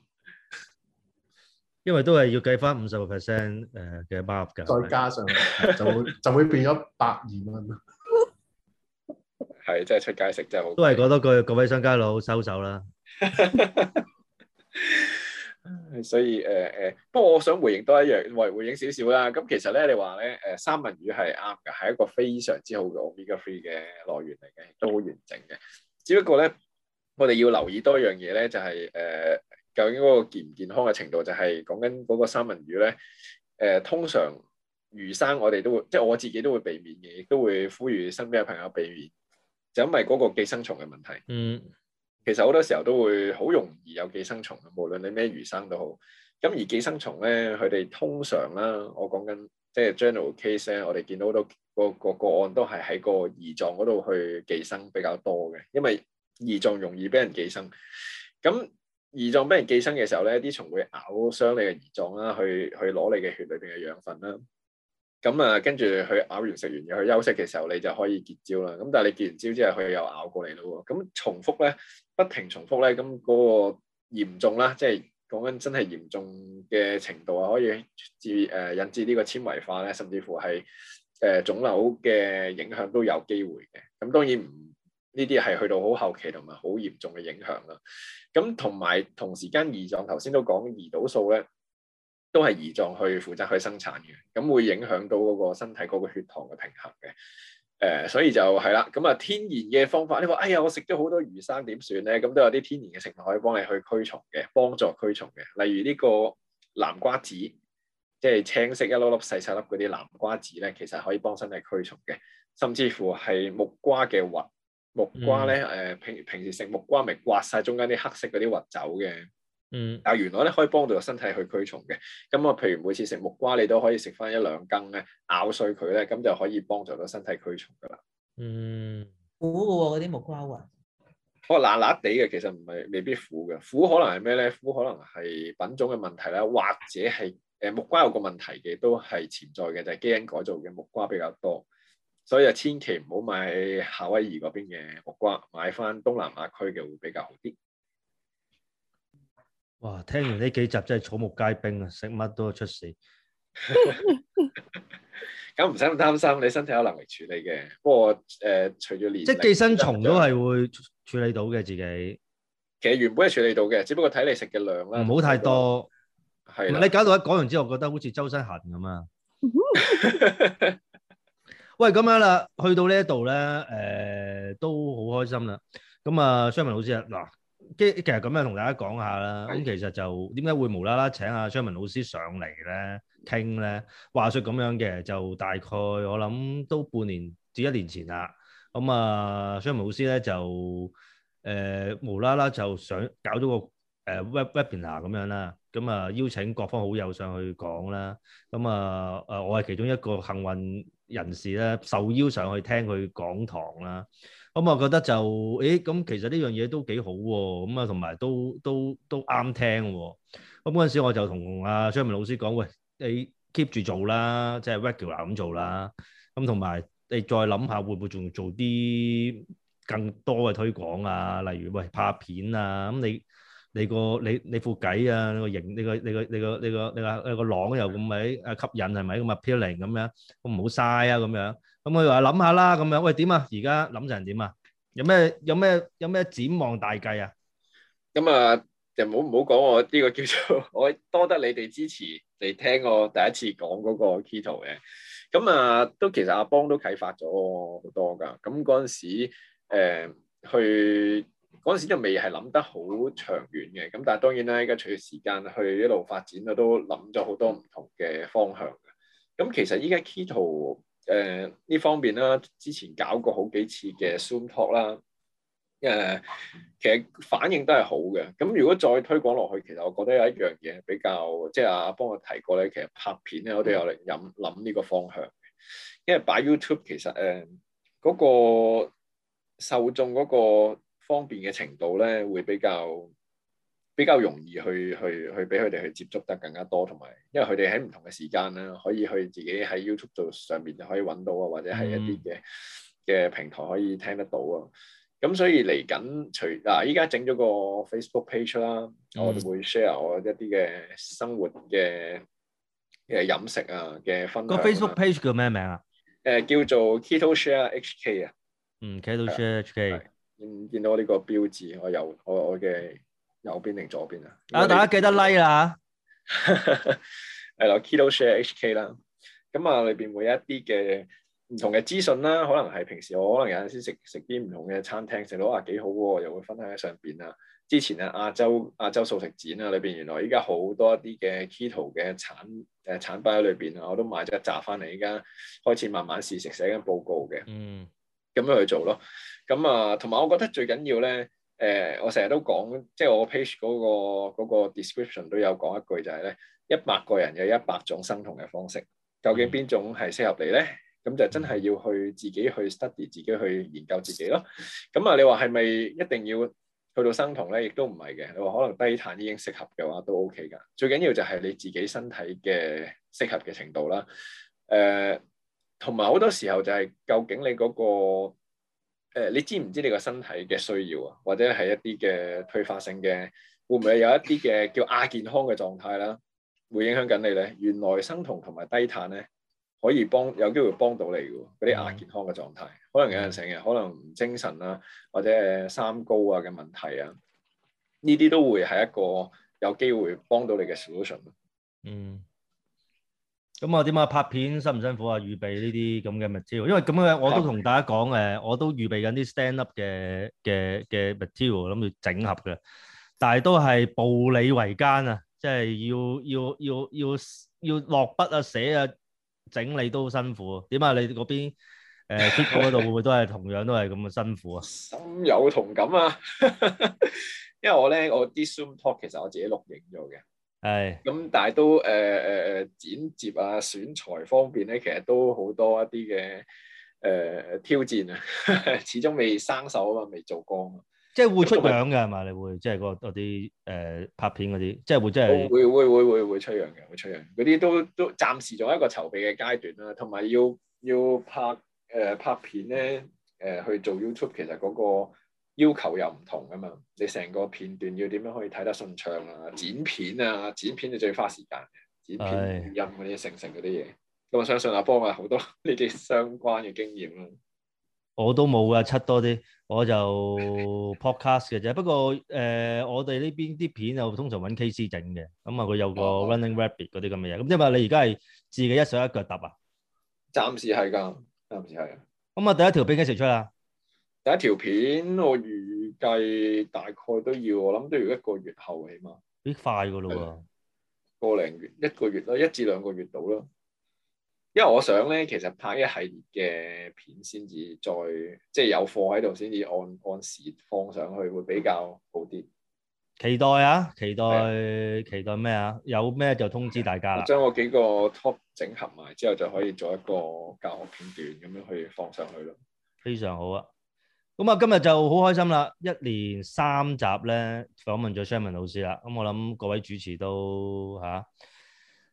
因為都係要計翻五十個 percent 誒嘅包 a r 再加上 就會就會變咗百二蚊啦。係真係出街食真係好，都係講多句，各位商家佬收手啦。 所以誒誒，不、呃、過我想回應多一樣，喂，回應少少啦。咁其實咧，你話咧，誒，三文魚係啱嘅，係一個非常之好嘅 Omega three 嘅來源嚟嘅，都好完整嘅。只不過咧，我哋要留意多一樣嘢咧，就係、是、誒、呃，究竟嗰個健唔健康嘅程度，就係講緊嗰個三文魚咧。誒、呃，通常魚生我哋都會，即係我自己都會避免嘅，都會呼籲身邊嘅朋友避免。就因為嗰個寄生蟲嘅問題，嗯，其實好多時候都會好容易有寄生蟲，無論你咩魚生都好。咁而寄生蟲咧，佢哋通常啦，我講緊即係 e n e r a l case 咧，我哋見到好多個個個案都係喺個胰臟嗰度去寄生比較多嘅，因為胰臟容易俾人寄生。咁胰臟俾人寄生嘅時候咧，啲蟲會咬傷你嘅胰臟啦，去去攞你嘅血裏邊嘅養分啦。咁啊，跟住佢咬完食完嘢，佢休息嘅時候，你就可以結焦啦。咁但係你結完焦之後，佢又咬過嚟咯喎。咁、嗯、重複咧，不停重複咧，咁、嗯、嗰、那個嚴重啦，即係講緊真係嚴重嘅程度啊，可以致誒、呃、引致呢個纖維化咧，甚至乎係誒、呃、腫瘤嘅影響都有機會嘅。咁、嗯、當然唔呢啲係去到好後期同埋好嚴重嘅影響啦。咁同埋同時間，胰臟頭先都講胰島素咧。都係胰臟去負責去生產嘅，咁會影響到嗰個身體嗰個血糖嘅平衡嘅。誒、呃，所以就係啦。咁啊，天然嘅方法，你話，哎呀，我食咗好多魚生點算咧？咁都有啲天然嘅食物可以幫你去驅蟲嘅，幫助驅蟲嘅。例如呢個南瓜子，即係青色一粒粒細細粒嗰啲南瓜子咧，其實可以幫身體驅蟲嘅。甚至乎係木瓜嘅核，木瓜咧誒、嗯、平平時食木瓜咪刮晒中間啲黑色嗰啲核走嘅。嗯，但原來咧可以幫到個身體去驅蟲嘅，咁啊，譬如每次食木瓜，你都可以食翻一兩羹咧，咬碎佢咧，咁就可以幫助到身體驅蟲噶啦。嗯，苦喎、啊，嗰啲木瓜啊，哦，辣辣地嘅，其實唔係未必苦嘅，苦可能係咩咧？苦可能係品種嘅問題啦，或者係誒、呃、木瓜有個問題嘅，都係潛在嘅，就係、是、基因改造嘅木瓜比較多，所以啊，千祈唔好買夏威夷嗰邊嘅木瓜，買翻東南亞區嘅會比較好啲。哇！聽完呢幾集真係草木皆兵啊，食乜都出事。咁唔使咁擔心，你身體有能力處理嘅。不過誒、呃，除咗年即係寄生蟲、嗯、都係會處理到嘅自己。其實原本係處理到嘅，只不過睇你食嘅量唔好太多。係。的你搞到一講完之後，覺得好似周身痕咁啊！ 喂，咁樣啦，去到呢一度咧，誒、呃，都好開心啦。咁啊，雙文老師啊，嗱。即其實咁樣同大家講下啦，咁其實就點解會無啦啦請阿 Sherman 老師上嚟咧傾咧？話説咁樣嘅，就大概我諗都半年至一年前啦。咁啊，Sherman 老師咧就誒無啦啦就想搞咗個誒 web webinar 咁樣啦。咁啊，邀請各方好友上去講啦。咁啊，誒我係其中一個幸運人士咧，受邀上去聽佢講堂啦。咁我覺得就誒，咁其實呢樣嘢都幾好喎，咁啊同埋都都都啱聽喎。咁嗰陣時我就同阿 Sherman 老師講：喂，你 keep 住做啦，即係 regular 咁做啦。咁同埋你再諗下，會唔會仲做啲更多嘅推廣啊？例如喂拍片啊，咁你你個你你副偈啊，呢個型呢個呢個呢個呢個你話有個朗又咁咪啊吸引係咪咁啊 appealing 咁樣？咁唔好嘥啊咁樣。咁佢話諗下啦，咁樣喂點啊？而家諗成點啊？有咩有咩有咩展望大計啊？咁啊，就唔好唔好講我呢個叫做我多得你哋支持，你聽我第一次講嗰個 keto 嘅。咁啊，都其實阿邦都啟發咗好多㗎。咁嗰陣時、呃、去嗰陣時就未係諗得好長遠嘅。咁但係當然啦，依家隨住時間去一路發展啊，都諗咗好多唔同嘅方向，咁其實依家 keto 誒呢、呃、方面啦，之前搞過好幾次嘅 Zoom Talk 啦、呃，誒其實反應都係好嘅。咁如果再推廣落去，其實我覺得有一樣嘢比較，即係阿阿幫我提過咧，其實拍片咧，我哋又嚟諗諗呢個方向，因為擺 YouTube 其實誒嗰、呃嗰個受眾嗰個方便嘅程度咧，會比較。比較容易去去去俾佢哋去接觸得更加多，同埋因為佢哋喺唔同嘅時間啦，可以去自己喺 YouTube 度上面就可以揾到啊，或者係一啲嘅嘅平台可以聽得到啊。咁所以嚟緊除嗱，依家整咗個 Facebook page 啦，嗯、我哋會 share 我一啲嘅生活嘅誒飲食啊嘅分享。個 Facebook page 叫咩名啊？誒、啊呃，叫做 Keto Share HK、嗯、share 啊。嗯，Keto Share HK，見見到我呢個標誌，我有我我嘅。右邊定左邊啊？啊，大家記得 like 啦嚇。誒 ，Keto Share HK 啦。咁啊，裏邊會有一啲嘅唔同嘅資訊啦，可能係平時我可能有陣時食食啲唔同嘅餐廳食到啊幾好喎、啊，又會分享喺上邊啊。之前咧、啊、亞洲亞洲素食展啊，裏邊原來依家好多一啲嘅 Keto 嘅產誒產品喺裏邊啊，我都買咗一紮翻嚟，依家開始慢慢試食，寫緊報告嘅。嗯。咁樣去做咯。咁啊，同埋我覺得最緊要咧。誒、呃，我成日都講，即係我 page 嗰、那個那個 description 都有講一句，就是，就係咧一百個人有一百種生酮嘅方式，究竟邊種係適合你咧？咁就真係要去自己去 study，自己去研究自己咯。咁啊，你話係咪一定要去到生酮咧？亦都唔係嘅。你話可能低碳已經適合嘅話，都 OK 㗎。最緊要就係你自己身體嘅適合嘅程度啦。誒、呃，同埋好多時候就係究竟你嗰、那個。誒，你知唔知你個身體嘅需要啊？或者係一啲嘅退化性嘅，會唔會有一啲嘅叫亞健康嘅狀態啦？會影響緊你咧？原來生酮同埋低碳咧，可以幫有機會幫到你噶，嗰啲亞健康嘅狀態，可能有陣時啊，可能唔精神啦、啊，或者三高啊嘅問題啊，呢啲都會係一個有機會幫到你嘅 solution。嗯。咁啊，點啊，拍片辛唔辛苦啊？預備呢啲咁嘅 material，因為咁樣我都同大家講誒，我都預備緊啲 stand up 嘅嘅嘅 material，諗住整合嘅，但係都係步履維艱啊！即係要要要要要落筆啊，寫啊，整理都辛苦。點解，你嗰邊誒 video 嗰度會唔會都係同樣都係咁嘅辛苦啊？深有同感啊！因為我咧，我啲 zoom talk 其實我自己錄影咗嘅。係，咁、哎嗯、但係都誒誒誒剪接啊選材方面咧，其實都好多一啲嘅誒挑戰啊，始終未生手啊嘛，未做光啊，即係會出樣嘅係嘛？你會即係嗰啲誒拍片嗰啲，即係會即係會會會會會出樣嘅，會出樣嗰啲都都暫時仲係一個籌備嘅階段啦、啊，同埋要要拍誒、呃、拍片咧誒、呃、去做 YouTube，其實嗰、嗰個。要求又唔同啊嘛！你成個片段要點樣可以睇得順暢啊？剪片啊，剪片就最花時間嘅，剪片、唉音嗰啲成成嗰啲嘢。咁我相信阿波啊，好多呢啲相關嘅經驗啦。我都冇啊，出多啲，我就 podcast 嘅啫。 不過誒、呃，我哋呢邊啲片就通常揾 KC 整嘅，咁、嗯、啊，佢有個 Running Rabbit 嗰啲咁嘅嘢。咁即係你而家係自己一手一腳揼啊？暫時係㗎，暫時係。咁啊，第一條片幾時出啊？第一條片我預計大概都要，我諗都要一個月後起碼。幾快噶啦、啊，嗯、個零月一個月咯，一至兩個月到啦。因為我想咧，其實拍一系列嘅片先至再即係有貨喺度，先至按按時放上去會比較好啲。期待啊！期待咩？期待咩啊？有咩就通知大家啦。將、嗯、我,我幾個 top 整合埋之後，就可以做一個教學片段咁樣去放上去咯。非常好啊！咁啊，今日就好開心啦！一連三集咧訪問咗 Sherman 老師啦，咁我諗各位主持都嚇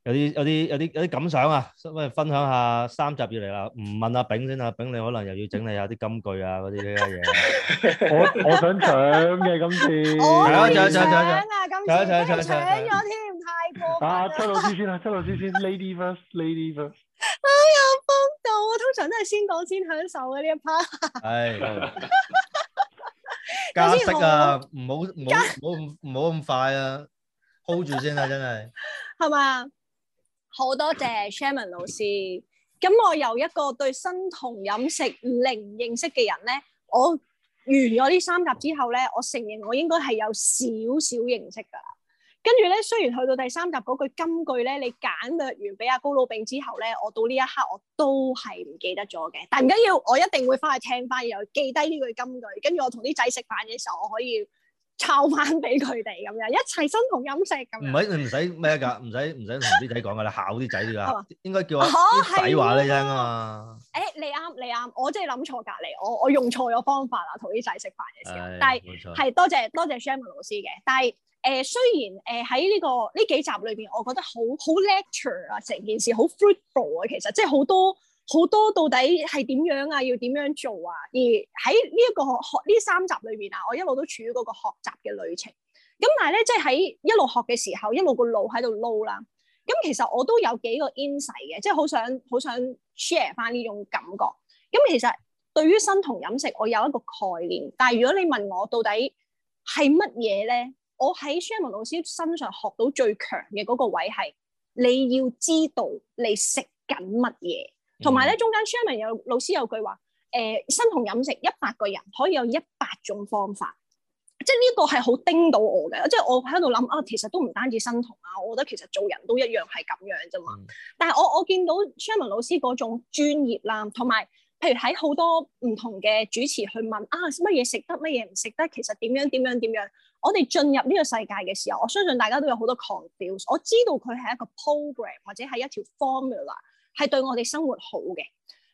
有啲有啲有啲有啲感想啊，不如分享下三集以嚟啦。唔問阿炳先，阿炳你可能又要整理下啲金句啊嗰啲啲嘢。我我想搶嘅今次，係啊搶搶搶啊今次，搶咗添，太過分啦！阿周老師先啦，周老師先，Lady first，Lady first。哎呀！我通常都係先講先享受嘅呢一 part。係、 啊，休息唔好唔好唔好唔好咁快啊，hold 住先啦、啊，真係。係嘛？好多謝 Sherman 老師。咁我由一個對生酮飲食零認識嘅人咧，我完咗呢三集之後咧，我承認我應該係有少少認識噶。跟住咧，雖然去到第三集嗰句金句咧，你簡略完俾阿高老病之後咧，我到呢一刻我都係唔記得咗嘅。但唔緊要，我一定會翻去聽翻，又記低呢句金句。跟住我同啲仔食飯嘅時候，我可以抄翻俾佢哋咁樣，一齊生酮飲食咁樣。唔係唔使咩㗎？唔使唔使同啲仔講㗎啦， 考啲仔㗎。嗎應該叫我啲仔話你聽啊。誒、哎，你啱，你啱，我真係諗錯隔離，我我用錯咗方法啦，同啲仔食飯嘅時候。但係係多謝多謝 Sherman 老師嘅，但係。但誒、呃、雖然誒喺呢個呢幾集裏邊，我覺得好好 lecture 啊，成件事好 fruitful 啊，其實即係好多好多到底係點樣啊，要點樣做啊？而喺呢一個學呢三集裏邊啊，我一路都處於嗰個學習嘅旅程。咁但係咧，即係喺一路學嘅時候，一路個腦喺度撈啦。咁其實我都有幾個 insight 嘅，即係好想好想 share 翻呢種感覺。咁其實對於生酮飲食，我有一個概念。但係如果你問我到底係乜嘢咧？我喺 Sherman 老師身上學到最強嘅嗰個位係，你要知道你食緊乜嘢，同埋咧，中間 Sherman 有老師有句話，誒、呃，生酮飲食，一百個人可以有一百種方法，即係呢個係好叮到我嘅。即係我喺度諗啊，其實都唔單止生酮啊，我覺得其實做人都一樣係咁樣啫嘛。嗯、但係我我見到 Sherman 老師嗰種專業啦，同埋譬如喺好多唔同嘅主持去問啊乜嘢食得，乜嘢唔食得，其實點樣點樣點樣，樣。我哋進入呢個世界嘅時候，我相信大家都有好多 confuse。我知道佢係一個 program 或者係一條 formula，係對我哋生活好嘅。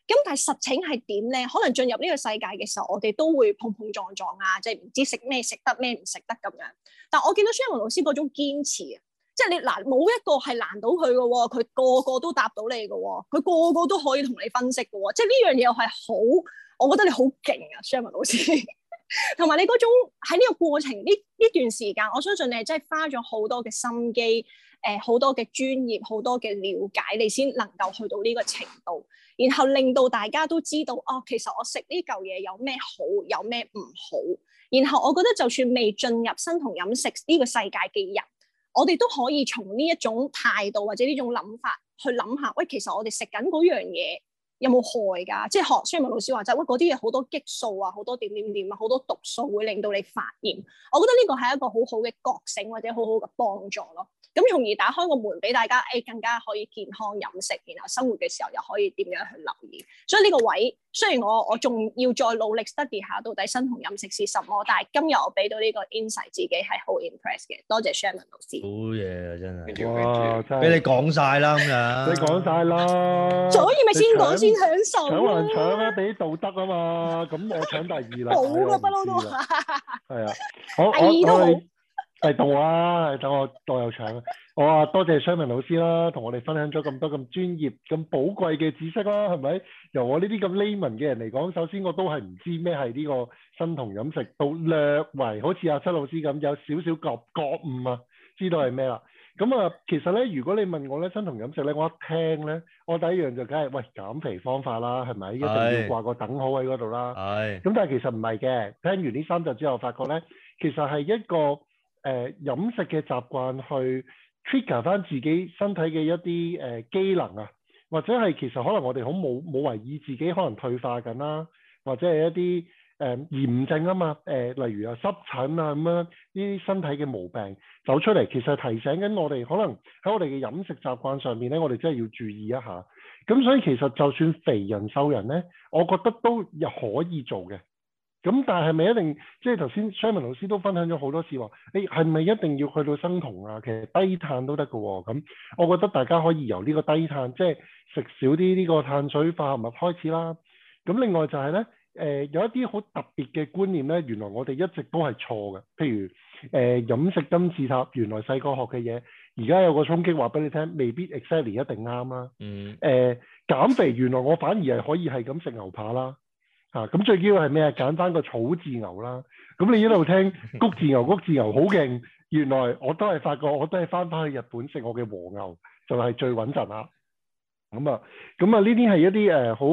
咁但係實情係點咧？可能進入呢個世界嘅時候，我哋都會碰碰撞撞啊，即係唔知食咩，食得咩唔食得咁樣。但我見到 Sherman 老師嗰種堅持啊，即係你嗱，冇一個係難到佢嘅喎，佢個個都答到你嘅喎，佢個個都可以同你分析嘅喎。即係呢樣嘢我係好，我覺得你好勁啊，Sherman 老師。 同埋你嗰種喺呢個過程呢呢段時間，我相信你係真係花咗好多嘅心機，誒、呃、好多嘅專業，好多嘅了解，你先能夠去到呢個程度，然後令到大家都知道，哦，其實我食呢嚿嘢有咩好，有咩唔好。然後我覺得就算未進入生酮飲食呢個世界嘅人，我哋都可以從呢一種態度或者呢種諗法去諗下，喂，其實我哋食緊嗰樣嘢，有冇害㗎？即係學書文老師話齋，喂，嗰啲嘢好多激素啊，好多點點點啊，好多毒素會令到你發炎。我覺得呢個係一個好好嘅覺醒或者好好嘅幫助咯。咁從而打開個門俾大家，誒、哎、更加可以健康飲食然後生活嘅時候又可以點樣去留意。所以呢個位。雖然我我仲要再努力 study 下到底生酮飲食是什麼，但係今日我俾到呢個 insight 自己係好 impress 嘅，多謝 Sherman 老師。好嘢啊，真係！哇，俾你， 你講晒啦咁樣，你講晒啦。左耳咪先講先享受、啊，搶還搶啊！俾啲道德啊嘛，咁我搶第二啦。冇啦的，哎、不嬲都係。係 啊，二好我我係。係度啊！等我代有搶啊！我啊多謝 Sherman 老師啦，同我哋分享咗咁多咁專業、咁寶貴嘅知識啦，係咪？由我呢啲咁 layman 嘅人嚟講，首先我都係唔知咩係呢個生酮飲食，到略為好似阿、啊、七老師咁有少少覺覺悟啊，知道係咩啦。咁啊，其實咧，如果你問我咧，生酮飲食咧，我一聽咧，我第一樣就梗係喂減肥方法啦，係咪？的一定要掛個等號喺嗰度啦。係的。咁但係其實唔係嘅，聽完呢三集之後，發覺咧，其實係一個。誒、呃、飲食嘅習慣去 trigger 翻自己身體嘅一啲誒、呃、機能啊，或者係其實可能我哋好冇冇為意自己可能退化緊啦、啊，或者係一啲誒炎症啊嘛，誒、呃、例如啊濕疹啊咁樣呢、啊、啲身體嘅毛病走出嚟，其實提醒緊我哋可能喺我哋嘅飲食習慣上面咧，我哋真係要注意一下。咁所以其實就算肥人瘦人咧，我覺得都又可以做嘅。咁但係咪一定即係頭先 Sherman 老師都分享咗好多次話，你係咪一定要去到生酮啊？其實低碳都得嘅喎。咁我覺得大家可以由呢個低碳，即係食少啲呢個碳水化合物開始啦。咁另外就係咧，誒、呃、有一啲好特別嘅觀念咧，原來我哋一直都係錯嘅。譬如誒、呃、飲食金字塔，原來細個學嘅嘢，而家有個衝擊話俾你聽，未必 exactly 一定啱啦。嗯。誒減、呃、肥，原來我反而係可以係咁食牛扒啦。啊，咁最緊要係咩？揀翻個草飼牛啦，咁你一路聽穀飼牛、穀飼牛好勁，原來我都係發覺，我都係翻翻去日本食我嘅和牛就係、是、最穩陣啦。咁、嗯、啊，咁、嗯、啊，呢啲係一啲誒、呃，好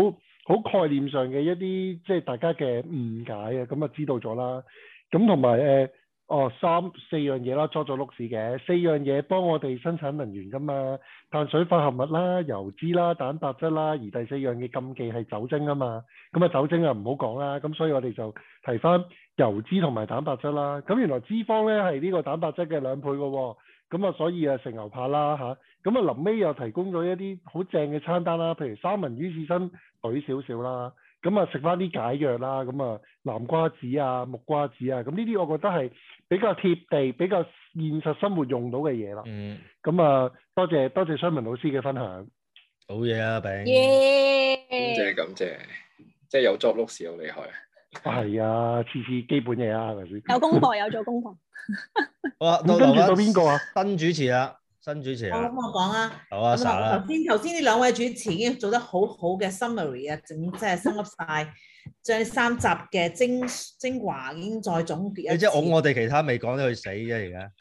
好概念上嘅一啲即係大家嘅誤解啊，咁、嗯、啊知道咗啦。咁同埋誒。哦，三四樣嘢啦，捉咗碌屎嘅。四樣嘢幫我哋生產能源㗎嘛，碳水化合物啦、油脂啦、蛋白質啦，而第四樣嘅禁忌係酒精啊嘛。咁、嗯、啊，酒精啊唔好講啦。咁、嗯、所以我哋就提翻油脂同埋蛋白質啦。咁、嗯、原來脂肪咧係呢個蛋白質嘅兩倍㗎喎、哦。咁、嗯、啊，所以啊食牛扒啦嚇。咁啊，臨、嗯、尾又提供咗一啲好正嘅餐單啦，譬如三文魚刺身，對少少啦。咁、嗯、啊，食翻啲解藥啦，咁、嗯、啊。嗯南瓜子啊，木瓜子啊，咁呢啲我覺得係比較貼地、比較現實生活用到嘅嘢啦。嗯。咁啊、嗯，多謝多謝 Sherman 老師嘅分享。好嘢啊，耶！炳！Yeah. 謝，感謝，即係有捉碌事又厲害。係啊，次次基本嘢啊，先。有功課 有做功課。 好啊，跟住到邊個啊？新主持啊？新主持。咁我講啊。好啊，莎、啊。頭先頭先呢兩位主持已經做得好好嘅 summary 啊，整即係 sum up 曬。將三集嘅精精華已經再總結一，即係我哋其他未講到去死啫，而 家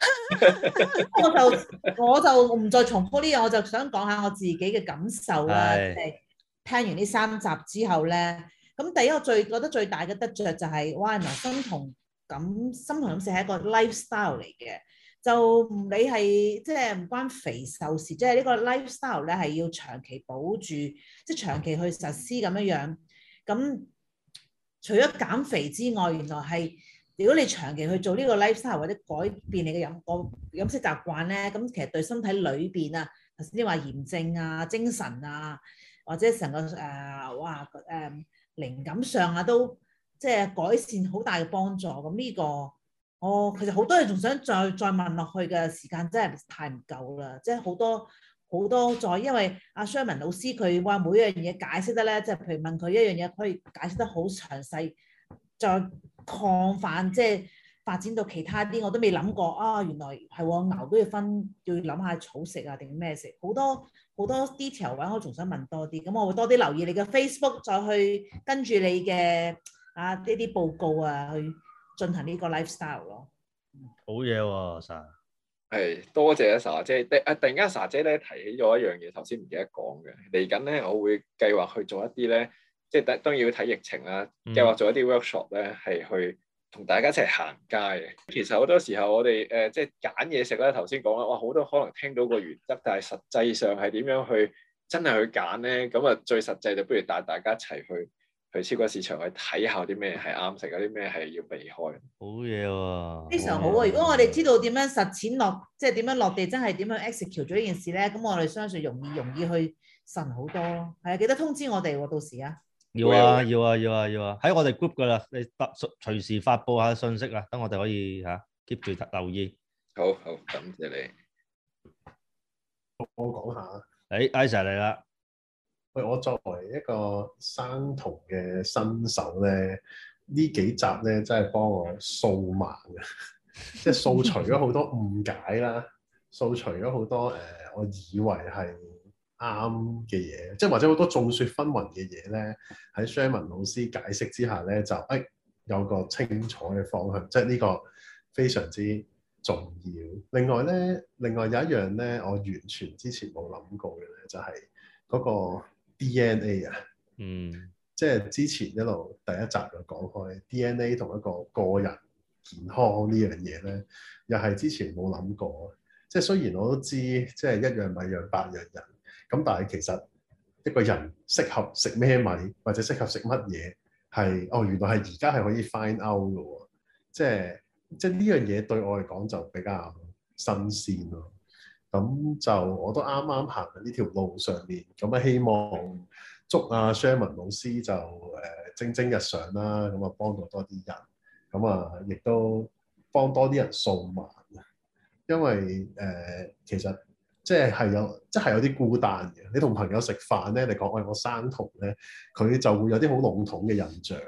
我就我就唔再重複呢樣，我就想講下我自己嘅感受啦、啊。係的聽完呢三集之後咧，咁第一我最覺得最大嘅得着就係、是、哇，生酮生酮飲食係一個 lifestyle 嚟嘅，就唔理係即係唔關肥瘦事，即、就、係、是、呢個 lifestyle 咧係要長期保住，即、就、係、是、長期去實施咁樣樣咁。除咗減肥之外，原來係如果你長期去做呢個 life style 或者改變你嘅飲過飲食習慣咧，咁其實對身體裏邊啊，頭先話炎症啊、精神啊，或者成個誒、呃、哇誒靈、呃、感上啊，都即係改善好大嘅幫助。咁、這、呢個我、哦、其實好多嘢仲想再再問落去嘅，時間真係太唔夠啦，即係好多。好多再，因為阿 Sherman 老師佢話每一樣嘢解釋得咧，即係譬如問佢一樣嘢，可以解釋得好詳細，再擴泛即係發展到其他啲我都未諗過啊，原來係喎牛都要分，要諗下草食啊定咩食，好多好多 detail 位我仲想問多啲，咁我會多啲留意你嘅 Facebook，再去跟住你嘅啊呢啲報告啊去進行呢個 lifestyle 咯。好嘢喎，Sir！係，多謝阿 Sa 姐，第啊突然間 Sa 姐咧提起咗一樣嘢，頭先唔記得講嘅。嚟緊咧，我會計劃去做一啲咧，即係第當然要睇疫情啦。嗯、計劃做一啲 workshop 咧，係去同大家一齊行街嘅。其實好多時候我哋誒、呃、即係揀嘢食咧，頭先講啦，哇好多可能聽到個原則，但係實際上係點樣去真係去揀咧？咁啊最實際就不如帶大家一齊去。去超級市場去睇下啲咩係啱食，有啲咩係要避開。好嘢喎，非常好喎！如果我哋知道點樣實踐落，即係點樣落地，真係點樣 execute 咗呢件事咧，咁我哋相信容易容易去神好多咯。係啊，記得通知我哋喎，到時啊。要啊，要啊，要啊，要啊！喺我哋 group 噶啦，你發隨隨時發佈下信息啦，等我哋可以嚇 keep 住留意。好好，感謝你。我講下。誒，Isa 嚟啦。喂，我作為一個生酮嘅新手咧，呢幾集咧真係幫我掃盲啊！ 即係掃除咗好多誤解啦，掃除咗好多誒、呃，我以為係啱嘅嘢，即係或者好多眾說紛紜嘅嘢咧，喺 Sherman 老師解釋之下咧，就誒、哎、有個清楚嘅方向，即係呢個非常之重要。另外咧，另外有一樣咧，我完全之前冇諗過嘅咧，就係、是、嗰、那個。DNA 啊，嗯，即係之前一路第一集就講開 DNA 同一個個人健康呢樣嘢咧，又係之前冇諗過。即係雖然我都知，即係一樣米養百樣人，咁但係其實一個人適合食咩米或者適合食乜嘢，係，哦，原來係而家係可以 find out 㗎喎。即係即係呢樣嘢對我嚟講就比較新鮮咯。咁就我都啱啱行喺呢條路上面，咁啊希望祝阿、啊、Sherman 老師就誒、呃、蒸蒸日上啦，咁啊幫到多啲人，咁啊亦都幫多啲人掃盲啊，因為誒、呃、其實即係係有即係有啲孤單嘅，你同朋友食飯咧你講，我係我生酮咧，佢就會有啲好籠統嘅印象嘅，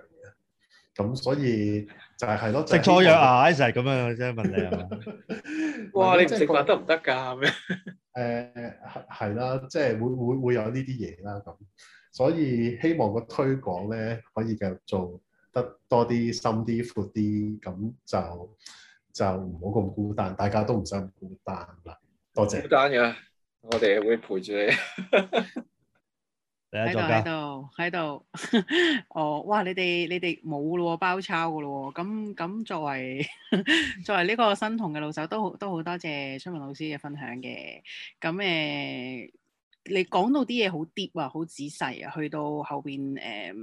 咁所以。就咯、係，食錯藥啊！成日咁樣啫，問你係哇！ 你唔食飯得唔得㗎？咩、 呃？誒係係啦，即係會會會有呢啲嘢啦咁，所以希望個推廣咧可以繼續做得多啲深啲闊啲，咁就就唔好咁孤單，大家都唔使咁孤單啦。多謝孤單㗎，我哋會陪住你。 喺度喺度喺度，家 哦，哇！你哋你哋冇咯，包抄噶咯，咁咁作為作為呢個新同嘅老手，都好都好多謝春文老師嘅分享嘅。咁誒、呃，你講到啲嘢好 deep 啊，好仔細啊，去到後邊誒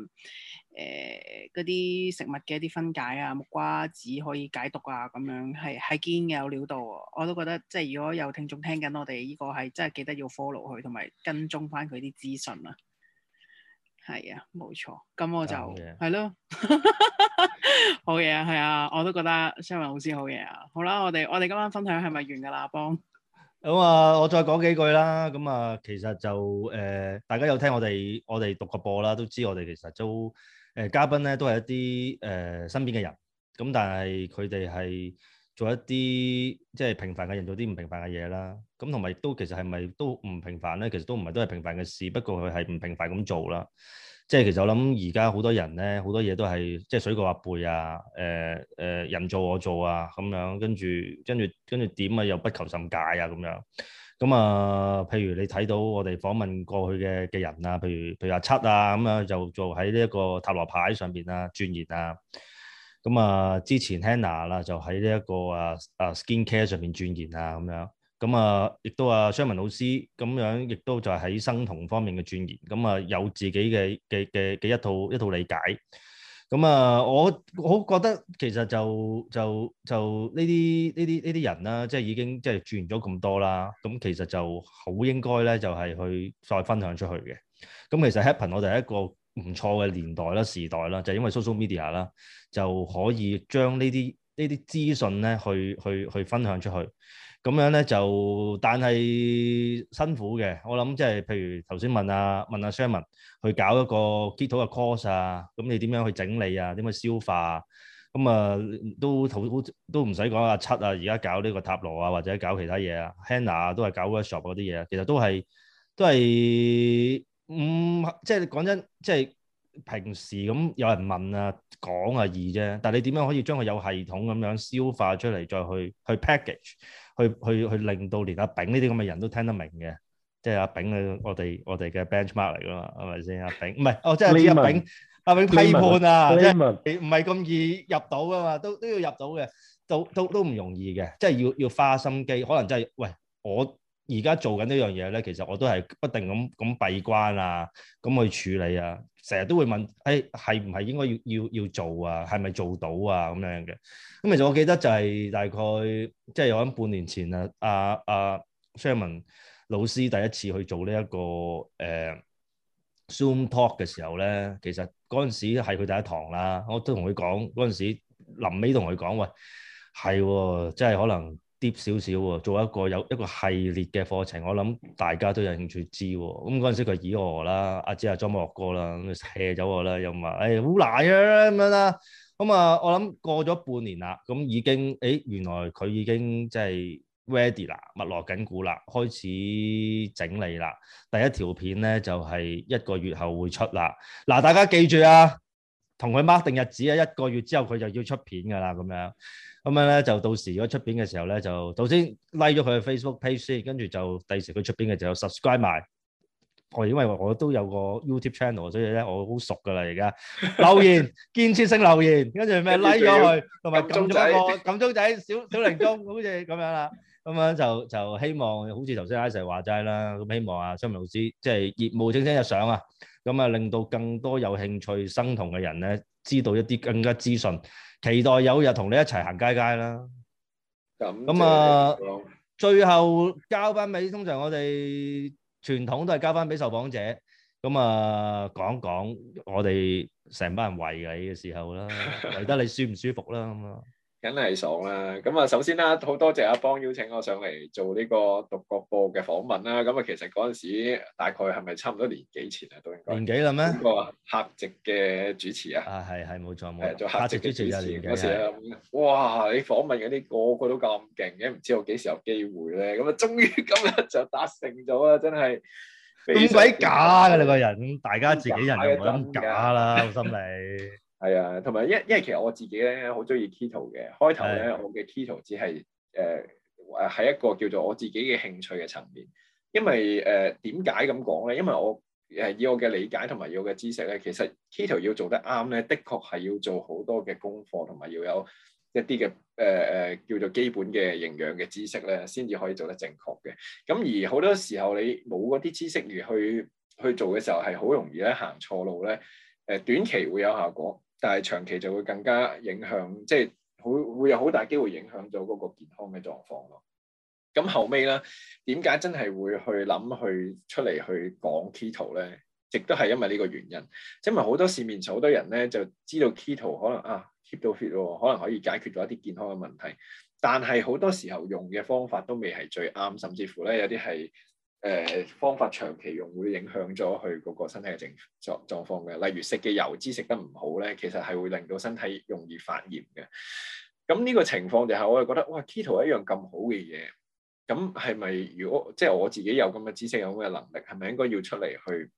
誒嗰啲食物嘅一啲分解啊，木瓜子可以解毒啊，咁樣係係堅嘅，有料到。我都覺得即係如果有聽眾聽緊我哋呢個係真係記得要 follow 佢，同埋跟蹤翻佢啲資訊啊！係啊，冇錯了。咁我就係咯，好嘢啊，係啊，我都覺得 Sherman 老師好嘢啊。好啦，我哋我哋今晚分享係咪完㗎啦啊？邦，咁、嗯、啊，我再講幾句啦。咁、嗯、啊，其實就誒、呃，大家有聽我哋我哋獨角播啦，都知我哋其實都誒、呃，嘉賓咧都係一啲誒、呃、身邊嘅人。咁、嗯、但係佢哋係做一啲即係平凡嘅人做啲唔平凡嘅嘢啦，咁同埋都其實係咪都唔平凡咧？其實都唔係都係平凡嘅事，不過佢係唔平凡咁做啦。即係其實我諗而家好多人咧，好多嘢都係即係水過鴨背啊，誒、呃、誒、呃、人做我做啊咁樣，跟住跟住跟住點啊又不求甚解啊咁樣。咁啊，譬如你睇到我哋訪問過去嘅嘅人啊，譬如譬如阿七啊咁啊，就做喺呢一個塔羅牌上邊啊，鑽研研啊。咁啊、嗯，之前 Hannah 啦、啊，就喺呢一個啊啊 skin care 上面鑽研啊咁樣，咁啊，亦都啊 Sherman 老師咁樣，亦、啊、都就係喺生酮方面嘅鑽研，咁啊有自己嘅嘅嘅嘅一套一套理解，咁啊，我我覺得其實就就就呢啲呢啲呢啲人啦、啊，即係已經即係轉完咗咁多啦，咁、啊、其實就好應該咧，就係、是、去再分享出去嘅。咁、啊、其實 Happen 我哋係一個。唔錯嘅年代啦、時代啦，就係、因為 social media 啦，就可以將呢啲呢啲資訊咧，去去去分享出去。咁樣咧就，但係辛苦嘅。我諗即係譬如頭先問阿、啊、問阿、啊、Sherman 去搞一個 keto 嘅 course 啊，咁你點樣去整理啊？點去消化、啊？咁啊都好都唔使講阿七啊，而家搞呢個塔羅啊，或者搞其他嘢啊，Hannah 啊都係搞 workshop 嗰啲嘢啊，其實都係都係。唔即係講真，即係平時咁有人問啊講啊易啫，但係你點樣可以將佢有系統咁樣消化出嚟，再去去 package，去去去令到連阿炳呢啲咁嘅人都聽得明嘅，即係阿炳嘅我哋我哋嘅 benchmark 嚟噶嘛，係咪先阿炳？唔係哦，即係你阿炳，文阿炳批判啊，文即係你唔係咁易入到噶嘛，都都要入到嘅，都都都唔容易嘅，即係要要花心機，可能真係喂我。而家做緊呢樣嘢咧，其實我都係不定咁咁閉關啊，咁去處理啊，成日都會問，誒係唔係應該要要要做啊？係咪做到啊？咁樣嘅。咁其實我記得就係大概即係我諗半年前啊，阿、啊、阿 Sherman 老師第一次去做呢、這、一個誒、呃、Zoom Talk 嘅時候咧，其實嗰陣時係佢第一堂啦，我都同佢講嗰陣時臨尾同佢講，喂，係喎，即、就、係、是、可能。跌少少喎，做一個有一個系列嘅課程，我諗大家都有興趣知喎。咁嗰陣時佢惹我啦，阿姐啊，裝麥哥啦，卸咗我啦，又話：哎，好賴啊咁樣啦。咁啊，嗯、我諗過咗半年啦，咁已經，誒、哎、原來佢已經即係 ready 啦，密鑼緊鼓啦，開始整理啦。第一條片咧就係、是、一個月後會出啦。嗱、啊，大家記住啊，同佢 mark 定日子啊，一個月之後佢就要出片㗎啦，咁樣。咁樣咧就到時如果出片嘅時候咧，就首先 like 咗佢 Facebook page 先，跟住就第二時佢出片嘅就 subscribe 埋。我因為我都有個 YouTube channel，所以咧我好熟噶啦，而家留言，建設性留言，跟住咩 like 咗佢，同埋撳咗個撳鐘仔小小鈴鐘，好似咁樣啦。咁樣就就希望好似頭先一齊話齋啦。咁希望阿昌明老師即係業務蒸蒸日上啊。咁啊，令到更多有興趣生酮嘅人咧，知道一啲更加資訊。期待有日同你一齊行街街啦。咁咁啊，最後交翻俾通常我哋傳統都係交翻俾受訪者。咁啊，講講我哋成班人圍你嘅時候啦，圍 得你舒唔舒服啦咁啊。梗係爽啦！咁啊，首先啦，好多謝阿邦邀請我上嚟做呢個獨角播嘅訪問啦。咁啊，其實嗰陣時大概係咪差唔多年幾前啊？都應該年幾啦咩？呢個客席嘅主持啊！啊，係係冇錯冇錯，做客席主持啊！年幾啊？時哇！你訪問嗰啲、這個、個個都咁勁嘅，唔知我幾時有機會咧？咁啊，終於今日就達成咗啦！真係點鬼假㗎你個人，大家自己人又唔敢假啦，心你。係啊，同埋因，因為其實我自己咧好中意 Keto 嘅。開頭咧，我嘅 Keto 只係誒誒係一個叫做我自己嘅興趣嘅層面。因為誒點解咁講咧？因為我誒以我嘅理解同埋我嘅知識咧，其實 Keto 要做得啱咧，的確係要做好多嘅功課，同埋要有一啲嘅誒誒叫做基本嘅營養嘅知識咧，先至可以做得正確嘅。咁而好多時候你冇嗰啲知識而去去做嘅時候，係好容易咧行錯路咧。誒、呃、短期會有效果。但係長期就會更加影響，即係好會有好大機會影響到嗰個健康嘅狀況咯。咁後尾咧，點解真係會去諗去出嚟去講 keto 咧？亦都係因為呢個原因，就是、因為好多市面好多人咧就知道 keto 可能啊 keep 到 fit 喎，可能可以解決到一啲健康嘅問題，但係好多時候用嘅方法都未係最啱，甚至乎咧有啲係。誒、呃，方法長期用會影響咗佢嗰個身體嘅症狀狀況嘅，例如食嘅油脂食得唔好咧，其實係會令到身體容易發炎嘅。咁呢個情況下我就係我係覺得，哇，Keto 係一樣咁好嘅嘢。咁係咪如果即係、就是、我自己有咁嘅知識，有咁嘅能力，係咪應該要出嚟去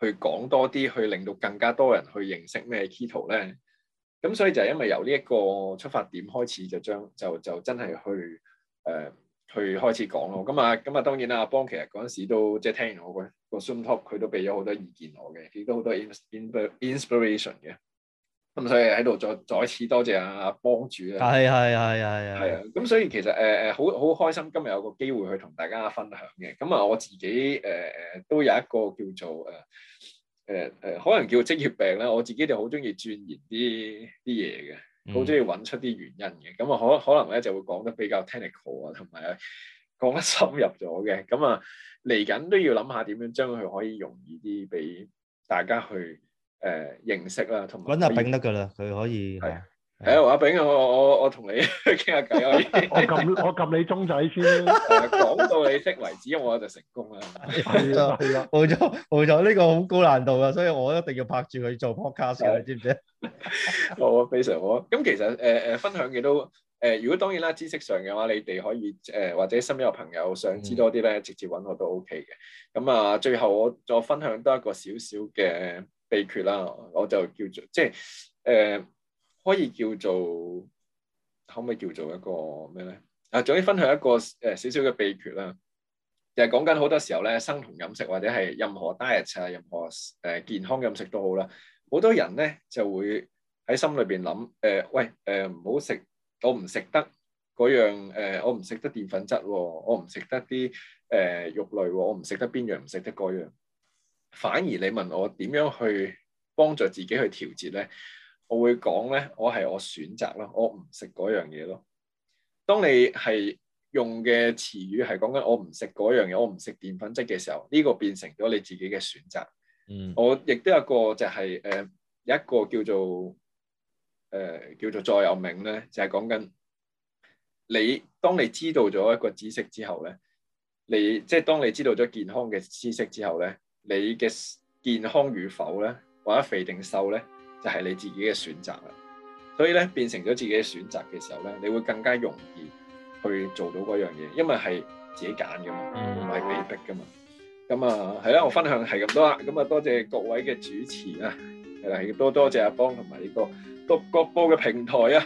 去講多啲，去令到更加多人去認識咩 Keto 咧？咁所以就係因為由呢一個出發點開始就，就將就就真係去誒。呃去開始講咯，咁啊咁啊當然啦，阿邦其實嗰陣時都即係聽完我個個 Zoom Talk，佢都俾咗好多意見我嘅，亦都好多 inspiration 嘅。咁所以喺度再再次多謝阿、啊、幫主啊！係係係啊，係啊！咁所以其實誒誒好好開心，今日有個機會去同大家分享嘅。咁啊我自己誒誒、呃、都有一個叫做誒誒誒，可能叫職業病啦。我自己就好中意鑽研啲啲嘢嘅。好中意揾出啲原因嘅，咁啊可可能咧就會講得比較 technical 啊，同埋啊講得深入咗嘅，咁啊嚟緊都要諗下點樣將佢可以容易啲俾大家去誒、呃、認識啦，同埋揾下病得㗎啦，佢可以係。係、哎、阿炳，我我 我同你傾下偈可，我撳我撳你鐘仔先，講 到你識為止，我就成功啦。冇錯冇錯，冇錯、啊，呢、這個好高難度噶，所以我一定要拍住佢做 podcast，、啊、你知唔知？好 啊、哦，非常好。咁其實誒誒、呃，分享嘅都誒、呃，如果當然啦，知識上嘅話，你哋可以誒、呃、或者身邊有朋友想知多啲咧，嗯、直接搵我都 OK 嘅。咁啊，最後我再分享多一個少少嘅秘訣啦，我就叫做即係誒。可以叫做可唔可以叫做一個咩咧？啊，總之分享一個誒少少嘅秘訣啦。就係講緊好多時候咧，生酮飲食或者係任何 diet 啊，任何誒、呃、健康飲食都好啦。好多人咧就會喺心裏邊諗誒，喂誒，唔好食，我唔食得嗰樣、呃、我唔食得澱粉質喎，我唔食得啲誒、呃、肉類喎，我唔食得邊樣唔食得嗰樣。反而你問我點樣去幫助自己去調節咧？我會講咧，我係我選擇咯，我唔食嗰樣嘢咯。當你係用嘅詞語係講緊我唔食嗰樣嘢，我唔食澱粉質嘅時候，呢個變成咗你自己嘅選擇。嗯，我亦都有個就係誒有一個叫做誒、呃、叫做再有名咧，就係講緊你當你知道咗一個知識之後咧，你即係當你知道咗健康嘅知識之後咧，你嘅健康與否咧，或者肥定瘦咧？就係你自己嘅選擇啦，所以咧變成咗自己嘅選擇嘅時候咧，你會更加容易去做到嗰樣嘢，因為係自己揀嘅嘛，唔係被逼噶嘛。咁啊係啦，我分享係咁多啦，咁啊多謝各位嘅主持啊，係啦，亦多多謝阿邦同埋呢個獨角播嘅平台啊。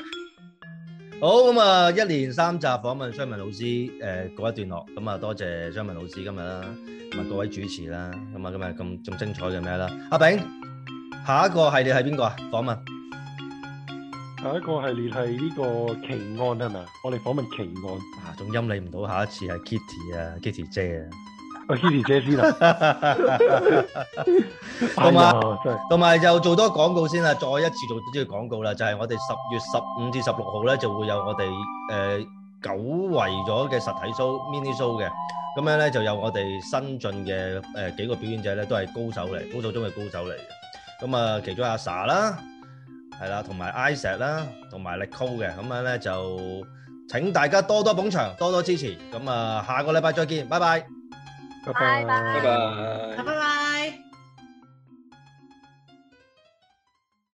好，咁啊，一連三集訪問 Sherman 老師，誒、呃，告一段落。咁啊，多謝 Sherman 老師今日啦，同埋各位主持啦，咁啊，今日咁咁精彩嘅咩啦，阿、啊、炳。下一個系列係邊個啊？訪問下一個系列係呢個奇案係嘛？我哋訪問奇案啊，仲陰你唔到。下一次係 Kitty 啊，Kitty 姐啊，阿 Kitty 姐先啦，同埋同埋又做多廣告先啦，再一次做呢個廣告啦，就係、是、我哋十月十五至十六號咧就會有我哋誒久違咗嘅實體 show mini show 嘅，咁樣咧就有我哋新進嘅誒幾個表演者咧都係高手嚟，高手中嘅高手嚟。咁啊，其中阿 Sa 啦，係啦，同埋 Isaac 啦，同埋 Nicole 嘅，咁樣咧就請大家多多捧場，多多支持。咁啊，下個禮拜再見，拜拜。拜拜拜拜拜拜。